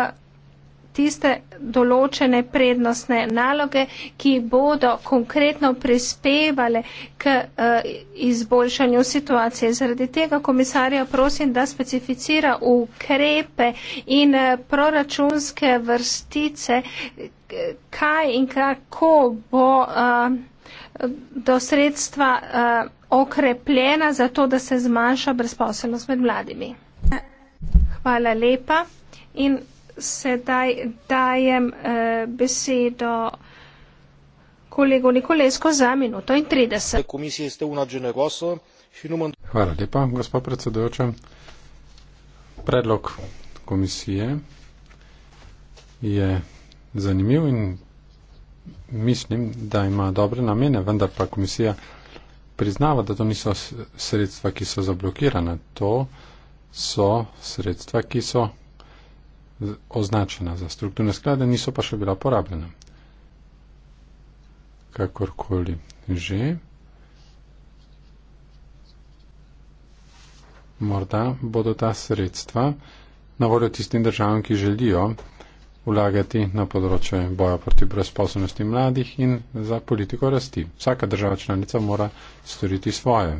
tiste določene prednostne naloge, ki bodo konkretno prispevale k uh, izboljšanju situacije. Zaradi tega komisarja prosim, da specificira ukrepe in uh, proračunske vrstice, kaj in kako bo uh, do sredstva. Uh, okrepljena za to, da se zmanjša brezposelnost med mladimi. Hvala lepa. In sedaj dajem eh, besedo kolegu Nikolesko za minuto in 30. Hvala lepa, gospod predsedujoča. Predlog komisije je zanimiv in mislim, da ima dobre namene, vendar pa komisija priznava, da to niso sredstva, ki so zablokirana, to so sredstva, ki so označena za strukturne sklade, niso pa še bila porabljena. Kakorkoli že, morda bodo ta sredstva na voljo tistim državam, ki želijo vlagati na področje boja proti brezposobnosti mladih in za politiko rasti. Vsaka država članica mora storiti svoje.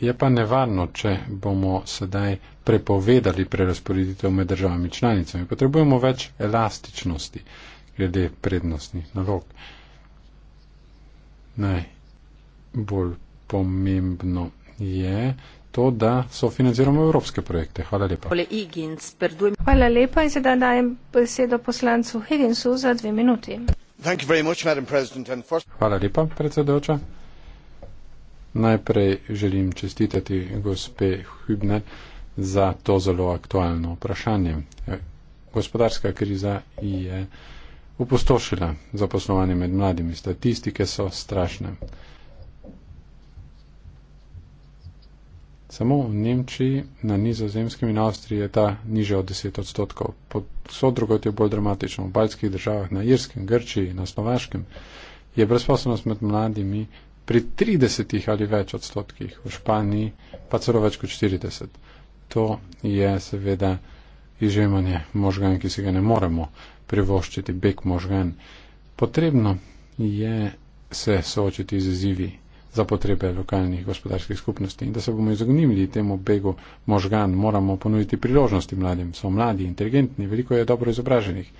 Je pa nevarno, če bomo sedaj prepovedali prerasporeditev med državami članicami. Potrebujemo več elastičnosti glede prednostnih nalog. Najbolj pomembno je to, da sofinanciramo evropske projekte. Hvala lepa. Hvala lepa in sedaj dajem besedo poslancu Higginsu za dve minuti. Much, first... Hvala lepa, predsedoča. Najprej želim čestitati gospe Hübner za to zelo aktualno vprašanje. Gospodarska kriza je upostošila zaposlovanje med mladimi. Statistike so strašne. Samo v Nemčiji, na nizozemskem in Avstriji je ta niža od 10 odstotkov. Vso drugo je bolj dramatično. V baljskih državah, na Irskem, Grčiji, na Slovaškem je brezposobnost med mladimi pri 30 ali več odstotkih, v Španiji pa celo več kot 40. To je seveda izjemanje možgan, ki si ga ne moremo privoščiti, beg možgan. Potrebno je se soočiti z izzivi za potrebe lokalnih gospodarskih skupnosti in da se bomo izognili temu begu možgan, moramo ponuditi priložnosti mladim. So mladi, inteligentni, veliko je dobro izobraženih.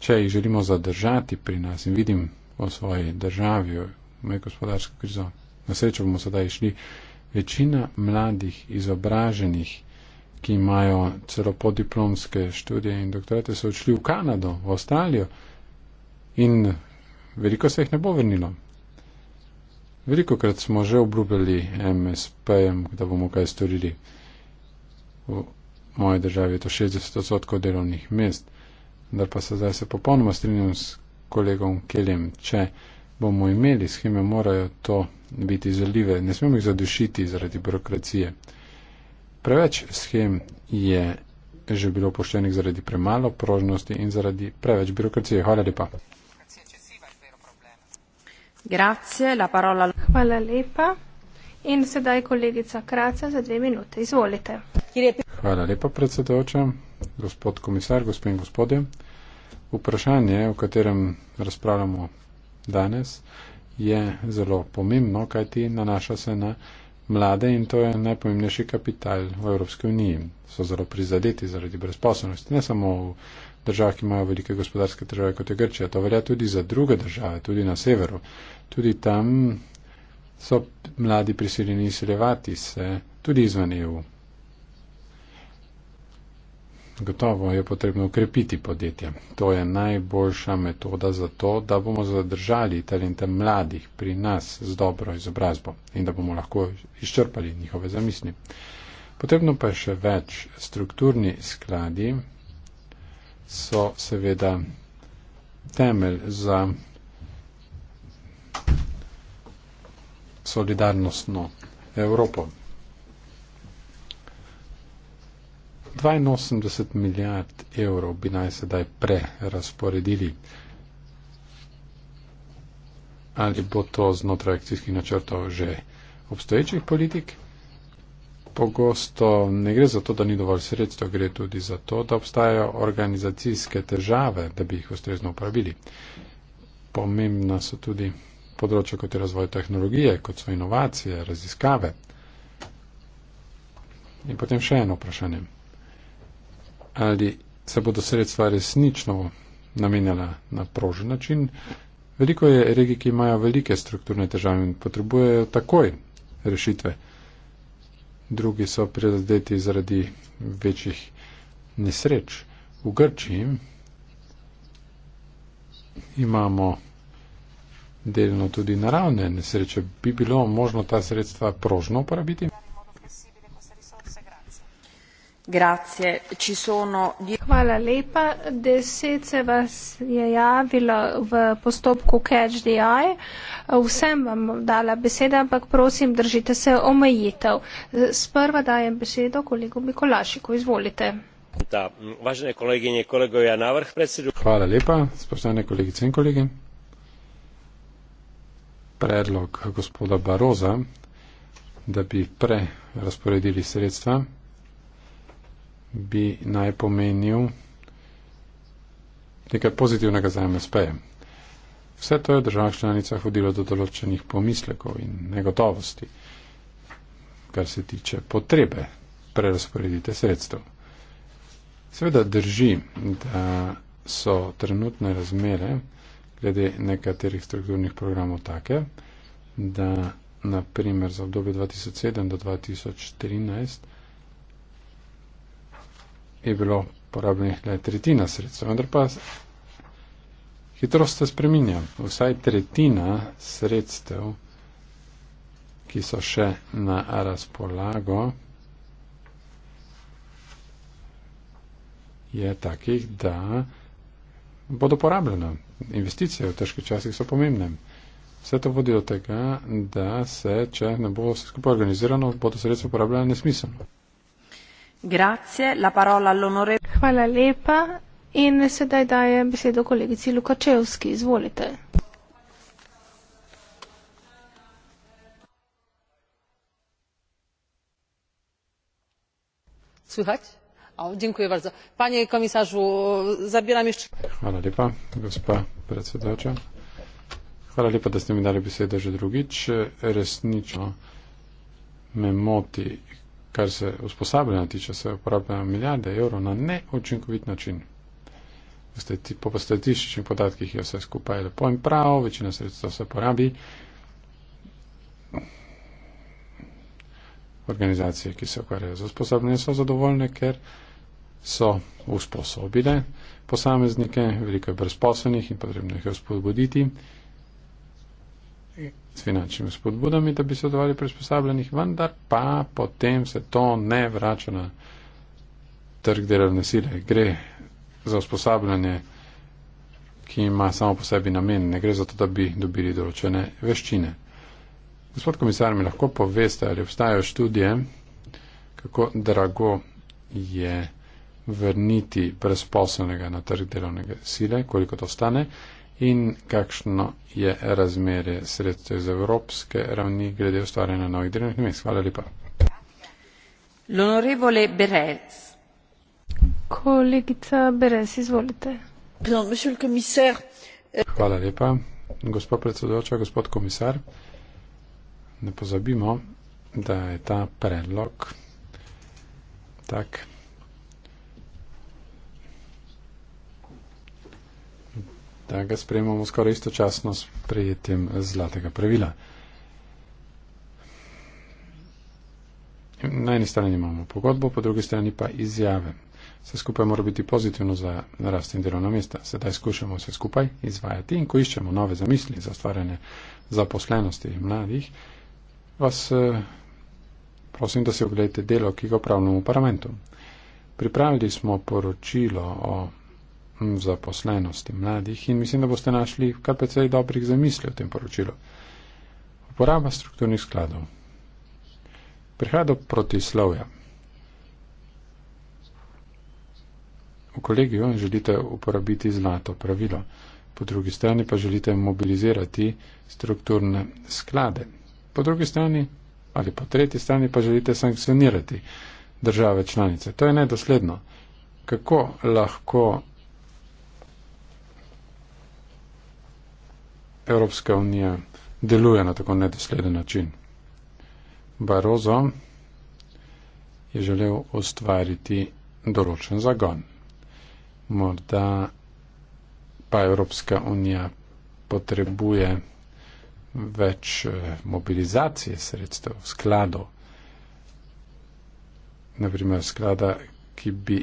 Če jih želimo zadržati pri nas in vidim v svoji državi, me gospodarsko krizo, na srečo bomo sedaj išli, večina mladih izobraženih, ki imajo celo podiplomske študije in doktorate, so odšli v Kanado, v Avstralijo in veliko se jih ne bo vrnilo. Veliko krat smo že obljubili MSP-jem, da bomo kaj storili. V moje državi je to 60 odstotkov delovnih mest, da pa se zdaj se popolnoma strinjam s kolegom Keljem, če bomo imeli scheme, morajo to biti zalive, ne smemo jih zadušiti zaradi birokracije. Preveč schem je že bilo poštenih zaradi premalo prožnosti in zaradi preveč birokracije. Hvala lepa. Grazie, la parola... Hvala lepa. In sedaj kolegica Kraca za dve minute. Izvolite. Hvala lepa, predsedoča, gospod komisar, gospe in gospodje. Vprašanje, o katerem razpravljamo danes, je zelo pomembno, kajti nanaša se na mlade in to je najpomembnejši kapital v Evropski uniji. So zelo prizadeti zaradi brezposobnosti, ne samo v Evropski uniji držav, ki imajo velike gospodarske države, kot je Grčija. To velja tudi za druge države, tudi na severu. Tudi tam so mladi prisiljeni izseljevati se, tudi izven EU. Gotovo je potrebno ukrepiti podjetja. To je najboljša metoda za to, da bomo zadržali talente mladih pri nas z dobro izobrazbo in da bomo lahko izčrpali njihove zamisli. Potrebno pa je še več. Strukturni skladi so seveda temelj za solidarnostno Evropo. 82 milijard evrov bi naj sedaj prerazporedili. Ali bo to znotraj akcijskih načrtov že obstoječih politik pogosto ne gre za to, da ni dovolj sredstva, gre tudi za to, da obstajajo organizacijske težave, da bi jih ustrezno uporabili. Pomembna so tudi področja, kot je razvoj tehnologije, kot so inovacije, raziskave. In potem še eno vprašanje. Ali se bodo sredstva resnično namenjala na prožen način? Veliko je regij, ki imajo velike strukturne težave in potrebujejo takoj rešitve drugi so prizadeti zaradi večjih nesreč. V Grčiji imamo delno tudi naravne nesreče. Bi bilo možno ta sredstva prožno uporabiti? Grazie. Ci sono... Hvala lepa. Deset se vas je javilo v postopku Catch the Eye. Vsem vam dala beseda, ampak prosim, držite se omejitev. Sprva dajem besedo kolegu Mikolašiku. Izvolite. Da, važne kolegine, kolegovja, navrh predsedu. Hvala lepa, spoštovane kolegice in kolegi. Predlog gospoda Baroza, da bi prerasporedili sredstva bi naj pomenil nekaj pozitivnega za MSP. Vse to je v državah članicah vodilo do določenih pomislekov in negotovosti, kar se tiče potrebe prerasporedite sredstev. Seveda drži, da so trenutne razmere glede nekaterih strukturnih programov take, da na primer za obdobje 2007 do 2013 je bilo porabljenih le tretjina sredstev. Vendar pa hitrost se spreminja. Vsaj tretjina sredstev, ki so še na razpolago, je takih, da bodo porabljena. Investicije v težkih časih so pomembne. Vse to vodi do tega, da se, če ne bo vse skupaj organizirano, bodo sredstva porabljena nesmiselno. Hvala lepa. In sedaj daje besedo kolegici Lukačevski. Izvolite. Sluhač? Hvala lepa, gospa predsedača. Hvala lepa, da ste mi dali besedo že drugič. Resnično me moti, kar se usposabljanja tiče, se uporabljajo milijarde evrov na neočinkovit način. Po statističnih podatkih je vse skupaj lepo in prav, večina sredstva se porabi. Organizacije, ki se ukvarjajo z usposabljanjem, so zadovoljne, ker so usposobile posameznike, veliko je brezposobnih in potrebno jih je vzpodbuditi s finančnimi spodbudami, da bi sodelovali pri usposabljanjih, vendar pa potem se to ne vrača na trg delovne sile. Gre za usposabljanje, ki ima samo po sebi namen, ne gre za to, da bi dobili določene veščine. Gospod komisar, mi lahko poveste, ali obstajajo študije, kako drago je vrniti brezposobnega na trg delovnega sile, koliko to stane in kakšno je razmerje sredstev z evropske ravni glede ustvarjanja novih delovnih mest. Hvala lepa. L'onorevole Berez. Kolegica Berez, izvolite. Pardon, monsieur le commissaire. Hvala lepa. Gospod predsedujoča, gospod komisar, ne pozabimo, da je ta predlog tak, da ga sprejemamo skoraj istočasno s prejetjem zlatega pravila. Na eni strani imamo pogodbo, po drugi strani pa izjave. Vse skupaj mora biti pozitivno za narast in delovna mesta. Sedaj skušamo vse skupaj izvajati in ko iščemo nove zamisli za stvarjanje zaposlenosti mladih, vas eh, prosim, da se ogledajte delo, ki ga upravljamo v parlamentu. Pripravili smo poročilo o zaposlenosti mladih in mislim, da boste našli kar precej dobrih zamisli v tem poročilu. Uporaba strukturnih skladov. Prihaja do protislovja. V kolegiju želite uporabiti zlato pravilo, po drugi strani pa želite mobilizirati strukturne sklade. Po drugi strani ali po tretji strani pa želite sankcionirati države članice. To je nedosledno. Kako lahko Evropska unija deluje na tako nedosleden način. Barozo je želel ustvariti določen zagon. Morda pa Evropska unija potrebuje več eh, mobilizacije sredstev, skladov, naprimer sklada, ki bi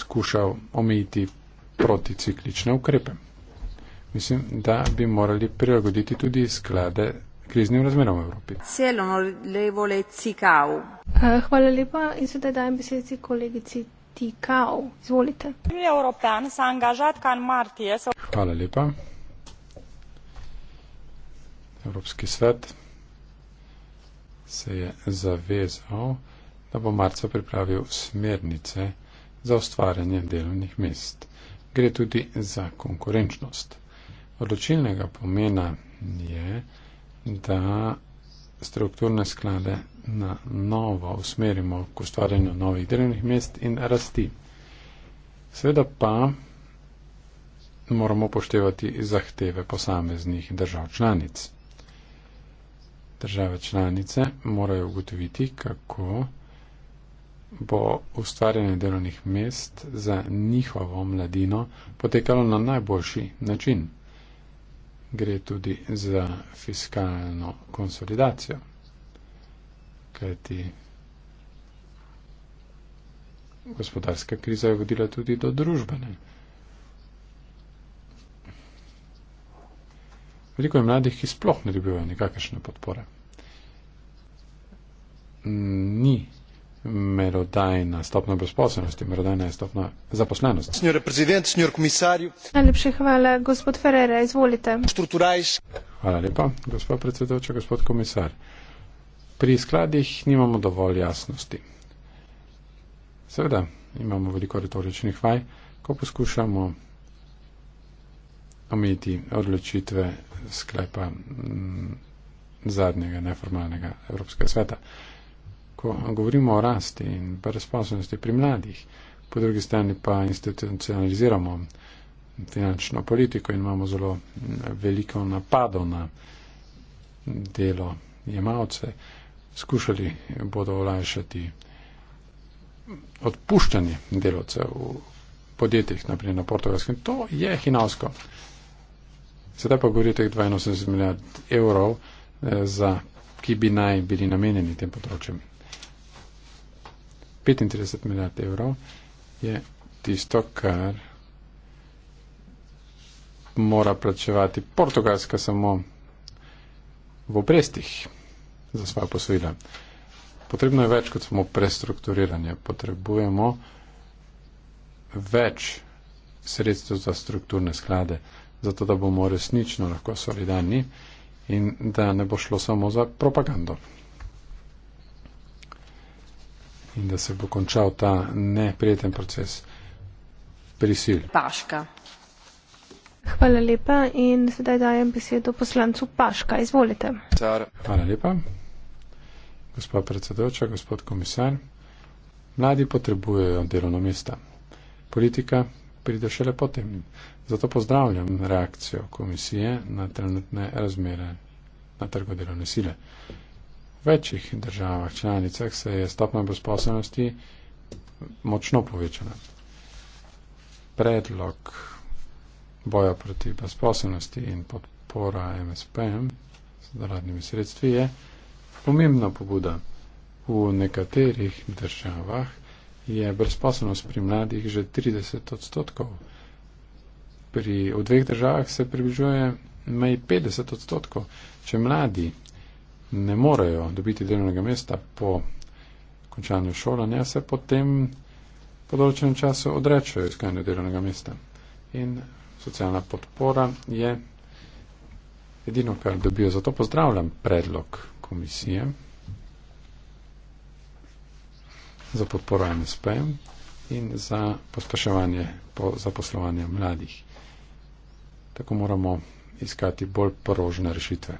skušal omejiti proticiklične ukrepe mislim, da bi morali prilagoditi tudi sklade kriznim razmerom v Evropi. Hvala lepa in sedaj dajem besedici kolegici Tikau. Izvolite. Hvala lepa. Evropski svet se je zavezal, da bo marca pripravil smernice za ustvarjanje delovnih mest. Gre tudi za konkurenčnost odločilnega pomena je, da strukturne sklade na novo usmerimo k ustvarjanju novih delovnih mest in rasti. Sveda pa moramo poštevati zahteve posameznih držav članic. Države članice morajo ugotoviti, kako bo ustvarjanje delovnih mest za njihovo mladino potekalo na najboljši način gre tudi za fiskalno konsolidacijo. Kajti gospodarska kriza je vodila tudi do družbene. Veliko je mladih, ki sploh ne dobivajo nikakršne podpore. Ni merodajna stopna brezposobnosti, merodajna je stopna zaposlenosti. Senjor prezident, senjor komisarju. Najlepše hvala, gospod Ferrera, izvolite. Strukturajs. Hvala lepa, gospod predsedoče, gospod komisar. Pri skladih nimamo dovolj jasnosti. Seveda imamo veliko retoričnih vaj, ko poskušamo omejiti odločitve sklepa m, mm, zadnjega neformalnega Evropskega sveta ko govorimo o rasti in brezposobnosti pri mladih, po drugi strani pa institucionaliziramo finančno politiko in imamo zelo veliko napadov na delo jemalce, skušali bodo olajšati odpuščanje delovcev v podjetjih, naprimer na portugalskem. To je hinavsko. Sedaj pa govorite 82 milijard evrov, eh, za, ki bi naj bili namenjeni tem področjem. 35 milijard evrov je tisto, kar mora plačevati Portugalska samo v obrestih za svoje posojila. Potrebno je več kot samo prestrukturiranje. Potrebujemo več sredstev za strukturne sklade, zato da bomo resnično lahko solidarni in da ne bo šlo samo za propagando in da se bo končal ta neprijeten proces prisil. Paška. Hvala lepa in sedaj dajem besedo poslancu Paška. Izvolite. Hvala lepa. Gospod predsedoča, gospod komisar. Mladi potrebujejo delovno mesta. Politika pride šele potem. Zato pozdravljam reakcijo komisije na trenutne razmere na trgu delovne sile večjih državah članicah se je stopna brezposobnosti močno povečala. Predlog boja proti brezposobnosti in podpora MSPM z naradnimi sredstvi je pomembna pobuda. V nekaterih državah je brezposobnost pri mladih že 30 odstotkov. Pri, v dveh državah se približuje meji 50 odstotkov. Če mladi ne morejo dobiti delovnega mesta po končanju šolanja, se potem po določenem času odrečajo iskanju delovnega mesta. In socialna podpora je edino, kar dobijo. Zato pozdravljam predlog komisije za podporo MSP in za pospraševanje po zaposlovanju mladih. Tako moramo iskati bolj porožne rešitve.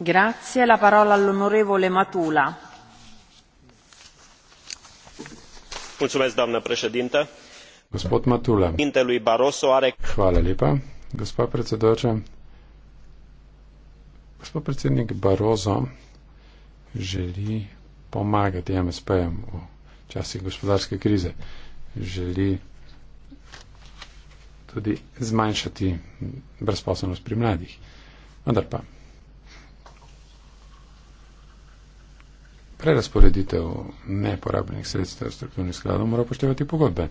gospod matula gospa predsedujoča gospod predsednik barroso želi pomagati MSP-jem v časih gospodarske krize želi tudi zmanjšati brezposelnost pri mladih vendar pa prerasporeditev neporabljenih sredstev strukturnih skladov mora upoštevati pogodbe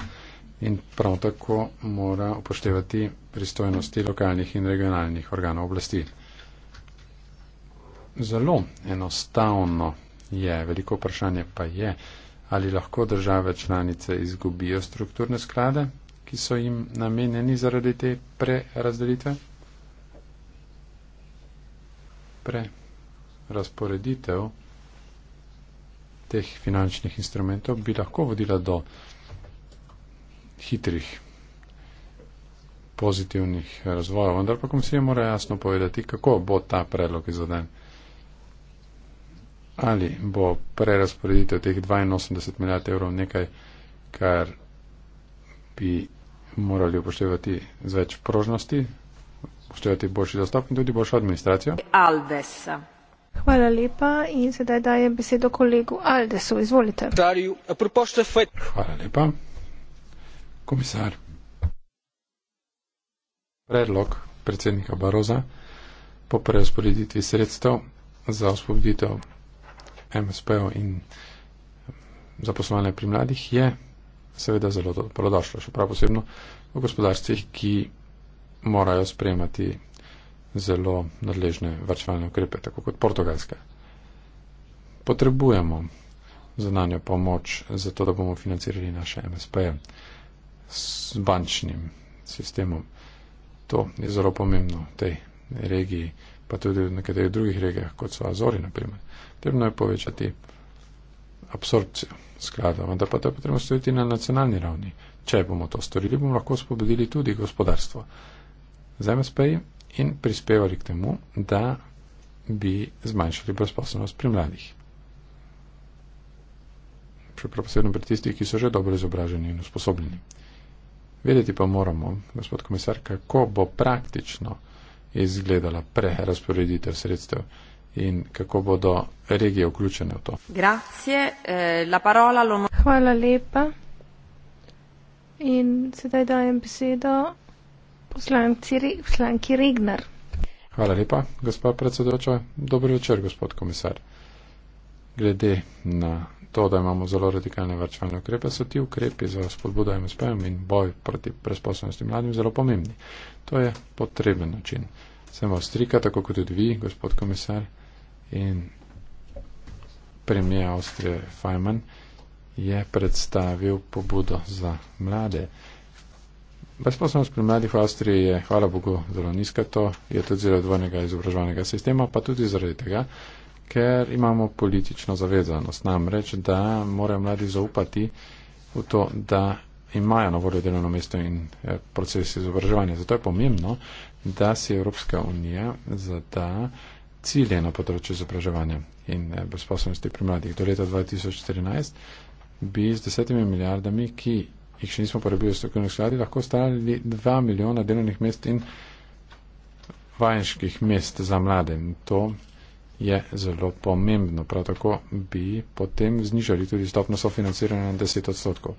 in prav tako mora upoštevati pristojnosti lokalnih in regionalnih organov oblasti. Zelo enostavno je, veliko vprašanje pa je, ali lahko države članice izgubijo strukturne sklade, ki so jim namenjeni zaradi te prerazdelitve? Prerazporeditev teh finančnih instrumentov bi lahko vodila do hitrih pozitivnih razvojev, vendar pa komisija mora jasno povedati, kako bo ta predlog izveden. Ali bo prerasporeditev teh 82 milijard evrov nekaj, kar bi morali upoštevati z več prožnosti, upoštevati boljši dostop in tudi boljšo administracijo. Alvesa. Hvala lepa in sedaj dajem besedo kolegu Aldesu. Izvolite. Hvala lepa. Komisar. Predlog predsednika Baroza po preusporeditvi sredstev za uspoveditev MSP-ov in um, zaposlovanja pri mladih je seveda zelo dobrodošlo, še prav posebno v gospodarstvih, ki morajo spremati zelo nadležne varčevalne ukrepe, tako kot Portugalska. Potrebujemo zunanjo pomoč za to, da bomo financirali naše MSP-je s bančnim sistemom. To je zelo pomembno v tej regiji, pa tudi v nekaterih drugih regijah, kot so Azori, naprimer. Potrebno je povečati absorpcijo skladov, vendar pa to je potrebno storiti na nacionalni ravni. Če bomo to storili, bomo lahko spobodili tudi gospodarstvo. Za MSP-je in prispevali k temu, da bi zmanjšali brezposobnost pri mladih. Čeprav posebno pri tistih, ki so že dobro izobraženi in usposobljeni. Vedeti pa moramo, gospod komisar, kako bo praktično izgledala prerasporeditev sredstev in kako bodo regije vključene v to. Eh, Hvala lepa. In sedaj dajem besedo poslanci, poslanki Regnar. Hvala lepa, gospod predsedoča. Dobro večer, gospod komisar. Glede na to, da imamo zelo radikalne varčevalne ukrepe, so ti ukrepi za spodbudo MSP-om in boj proti presposobnosti mladim zelo pomembni. To je potreben način. Sem vas strika, tako kot tudi vi, gospod komisar in premije Avstrije Feynman je predstavil pobudo za mlade. Brezposobnost pri mladih v Avstriji je, hvala Bogu, zelo nizka. To je tudi zelo dvojnega izobraževalnega sistema, pa tudi zaradi tega, ker imamo politično zavezanost. Namreč, da morajo mladi zaupati v to, da imajo na voljo delovno mesto in eh, proces izobraževanja. Zato je pomembno, da si Evropska unija zada cilje na področju izobraževanja in eh, brezposobnosti pri mladih. Do leta 2014 bi z desetimi milijardami, ki jih še nismo porabili v strokovnih skladih, lahko ustvarili 2 milijona delovnih mest in vajenških mest za mlade. In to je zelo pomembno. Prav tako bi potem znižali tudi stopno sofinanciranja na 10 odstotkov.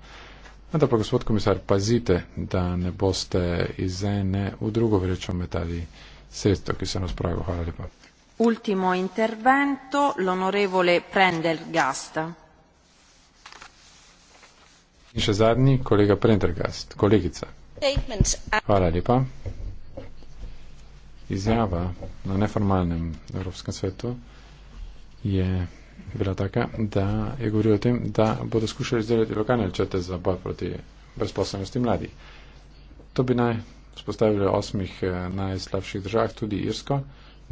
Vendar pa, gospod komisar, pazite, da ne boste iz ene v drugo vrečo metali sredstvo, ki se nas pravi. Hvala lepa. Ultimo intervento, l'onorevole Prendergast. Gasta. In še zadnji, kolega Prendergast, kolegica. Hvala lepa. Izjava na neformalnem Evropskem svetu je bila taka, da je govoril o tem, da bodo skušali izdelati lokalne načrte za boj proti brezposobnosti mladih. To bi naj spostavili osmih eh, najslabših držav, tudi Irsko,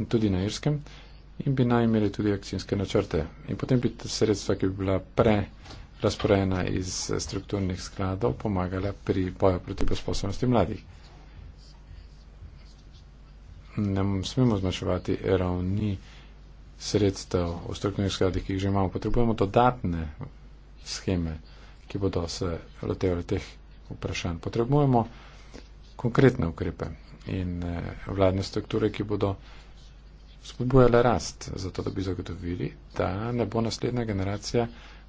tudi na Irskem, in bi naj imeli tudi akcijske načrte. In potem bi sredstva, ki bi bila pre razporejena iz strukturnih skladov, pomagala pri boju proti posposobnosti mladih. Ne smemo zmanjševati ravni sredstev v strukturnih skladih, ki jih že imamo. Potrebujemo dodatne scheme, ki bodo se lotevali teh vprašanj. Potrebujemo konkretne ukrepe in eh, vladne strukture, ki bodo spodbujale rast, zato da bi zagotovili, da ne bo naslednja generacija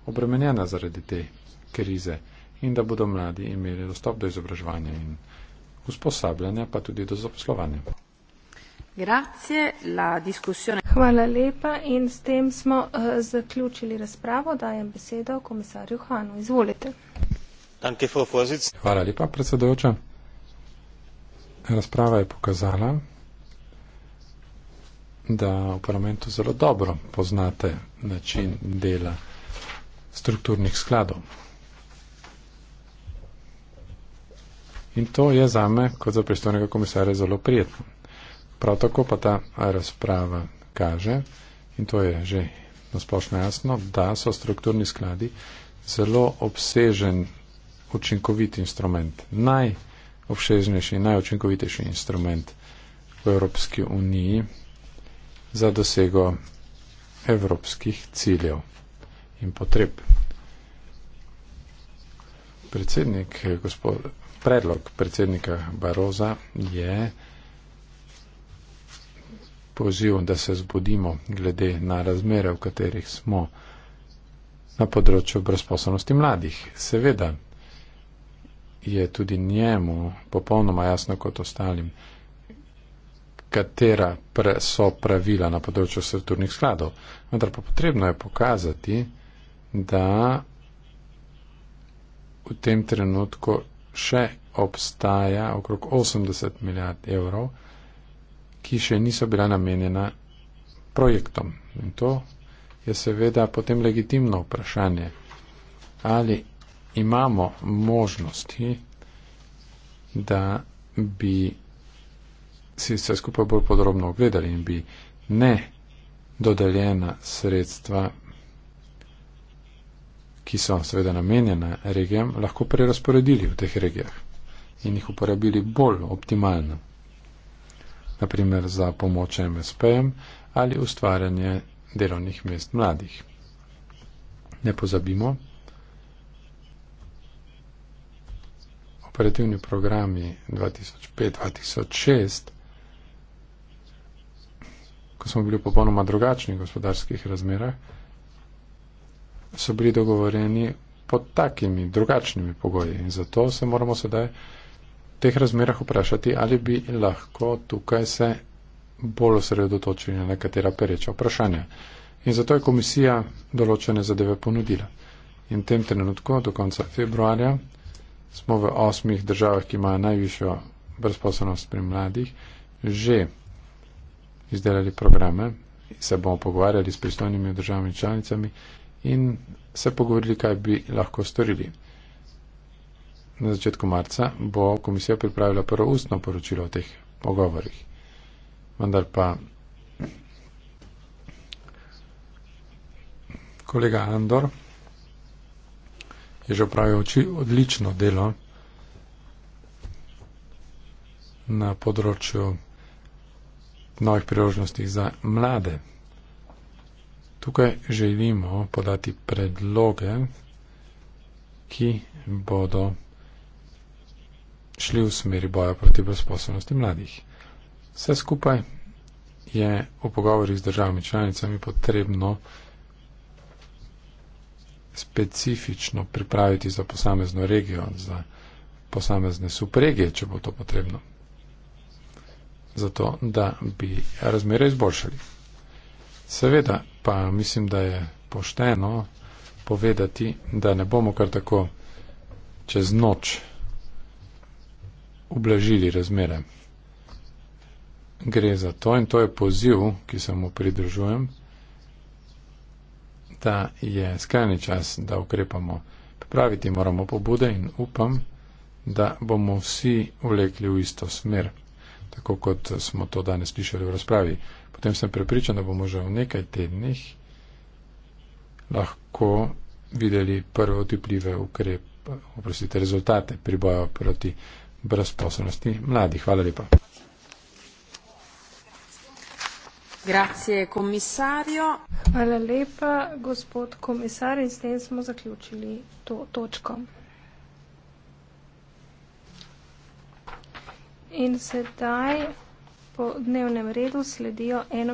obremenjena zaradi te krize in da bodo mladi imeli dostop do izobraževanja in usposabljanja, pa tudi do zaposlovanja. Hvala lepa in s tem smo uh, zaključili razpravo. Dajem besedo komisarju Hanu. Izvolite. Hvala lepa, predsedojoča. Razprava je pokazala, da v parlamentu zelo dobro poznate način dela strukturnih skladov. In to je za me, kot za pristojnega komisarja, zelo prijetno. Prav tako pa ta razprava kaže, in to je že nasplošno jasno, da so strukturni skladi zelo obsežen, učinkovit instrument, najobsežnejši in najučinkovitejši instrument v Evropski uniji za dosego evropskih ciljev in potreb. Predsednik, gospod, predlog predsednika Baroza je poziv, da se zbudimo glede na razmere, v katerih smo na področju brezposobnosti mladih. Seveda je tudi njemu popolnoma jasno kot ostalim, katera pre, so pravila na področju strukturnih skladov. Vendar pa potrebno je pokazati, da v tem trenutku še obstaja okrog 80 milijard evrov, ki še niso bila namenjena projektom. In to je seveda potem legitimno vprašanje, ali imamo možnosti, da bi si vse skupaj bolj podrobno ogledali in bi ne dodeljena sredstva ki so seveda namenjene regijam, lahko prerasporedili v teh regijah in jih uporabili bolj optimalno. Naprimer za pomoč MSP-jem ali ustvarjanje delovnih mest mladih. Ne pozabimo, operativni programi 2005-2006, ko smo bili v popolnoma drugačnih gospodarskih razmerah, so bili dogovorjeni pod takimi drugačnimi pogoji. In zato se moramo sedaj v teh razmerah vprašati, ali bi lahko tukaj se bolj osredotočili na nekatera pereča vprašanja. In zato je komisija določene zadeve ponudila. In v tem trenutku, do konca februarja, smo v osmih državah, ki imajo najvišjo brezposobnost pri mladih, že izdelali programe, se bomo pogovarjali s pristojnimi državami članicami in se pogovorili, kaj bi lahko storili. Na začetku marca bo komisija pripravila prvo ustno poročilo o teh pogovorih. Vendar pa kolega Andor je že opravil odlično delo na področju novih priložnosti za mlade Tukaj želimo podati predloge, ki bodo šli v smeri boja proti brezposobnosti mladih. Vse skupaj je v pogovorih z državami članicami potrebno specifično pripraviti za posamezno regijo, za posamezne subregije, če bo to potrebno, zato da bi razmere izboljšali. Seveda pa mislim, da je pošteno povedati, da ne bomo kar tako čez noč ublažili razmere. Gre za to in to je poziv, ki se mu pridružujem, da je skrajni čas, da ukrepamo. Praviti moramo pobude in upam, da bomo vsi vlekli v isto smer, tako kot smo to danes slišali v razpravi potem sem prepričan, da bomo že v nekaj tednih lahko videli prve otipljive ukrepe, oprostite, rezultate pri boju proti brezposobnosti mladih. Hvala lepa. Grazie, Hvala lepa, gospod komisar, in s tem smo zaključili to točko. In sedaj po dnevnem redu sledijo eno.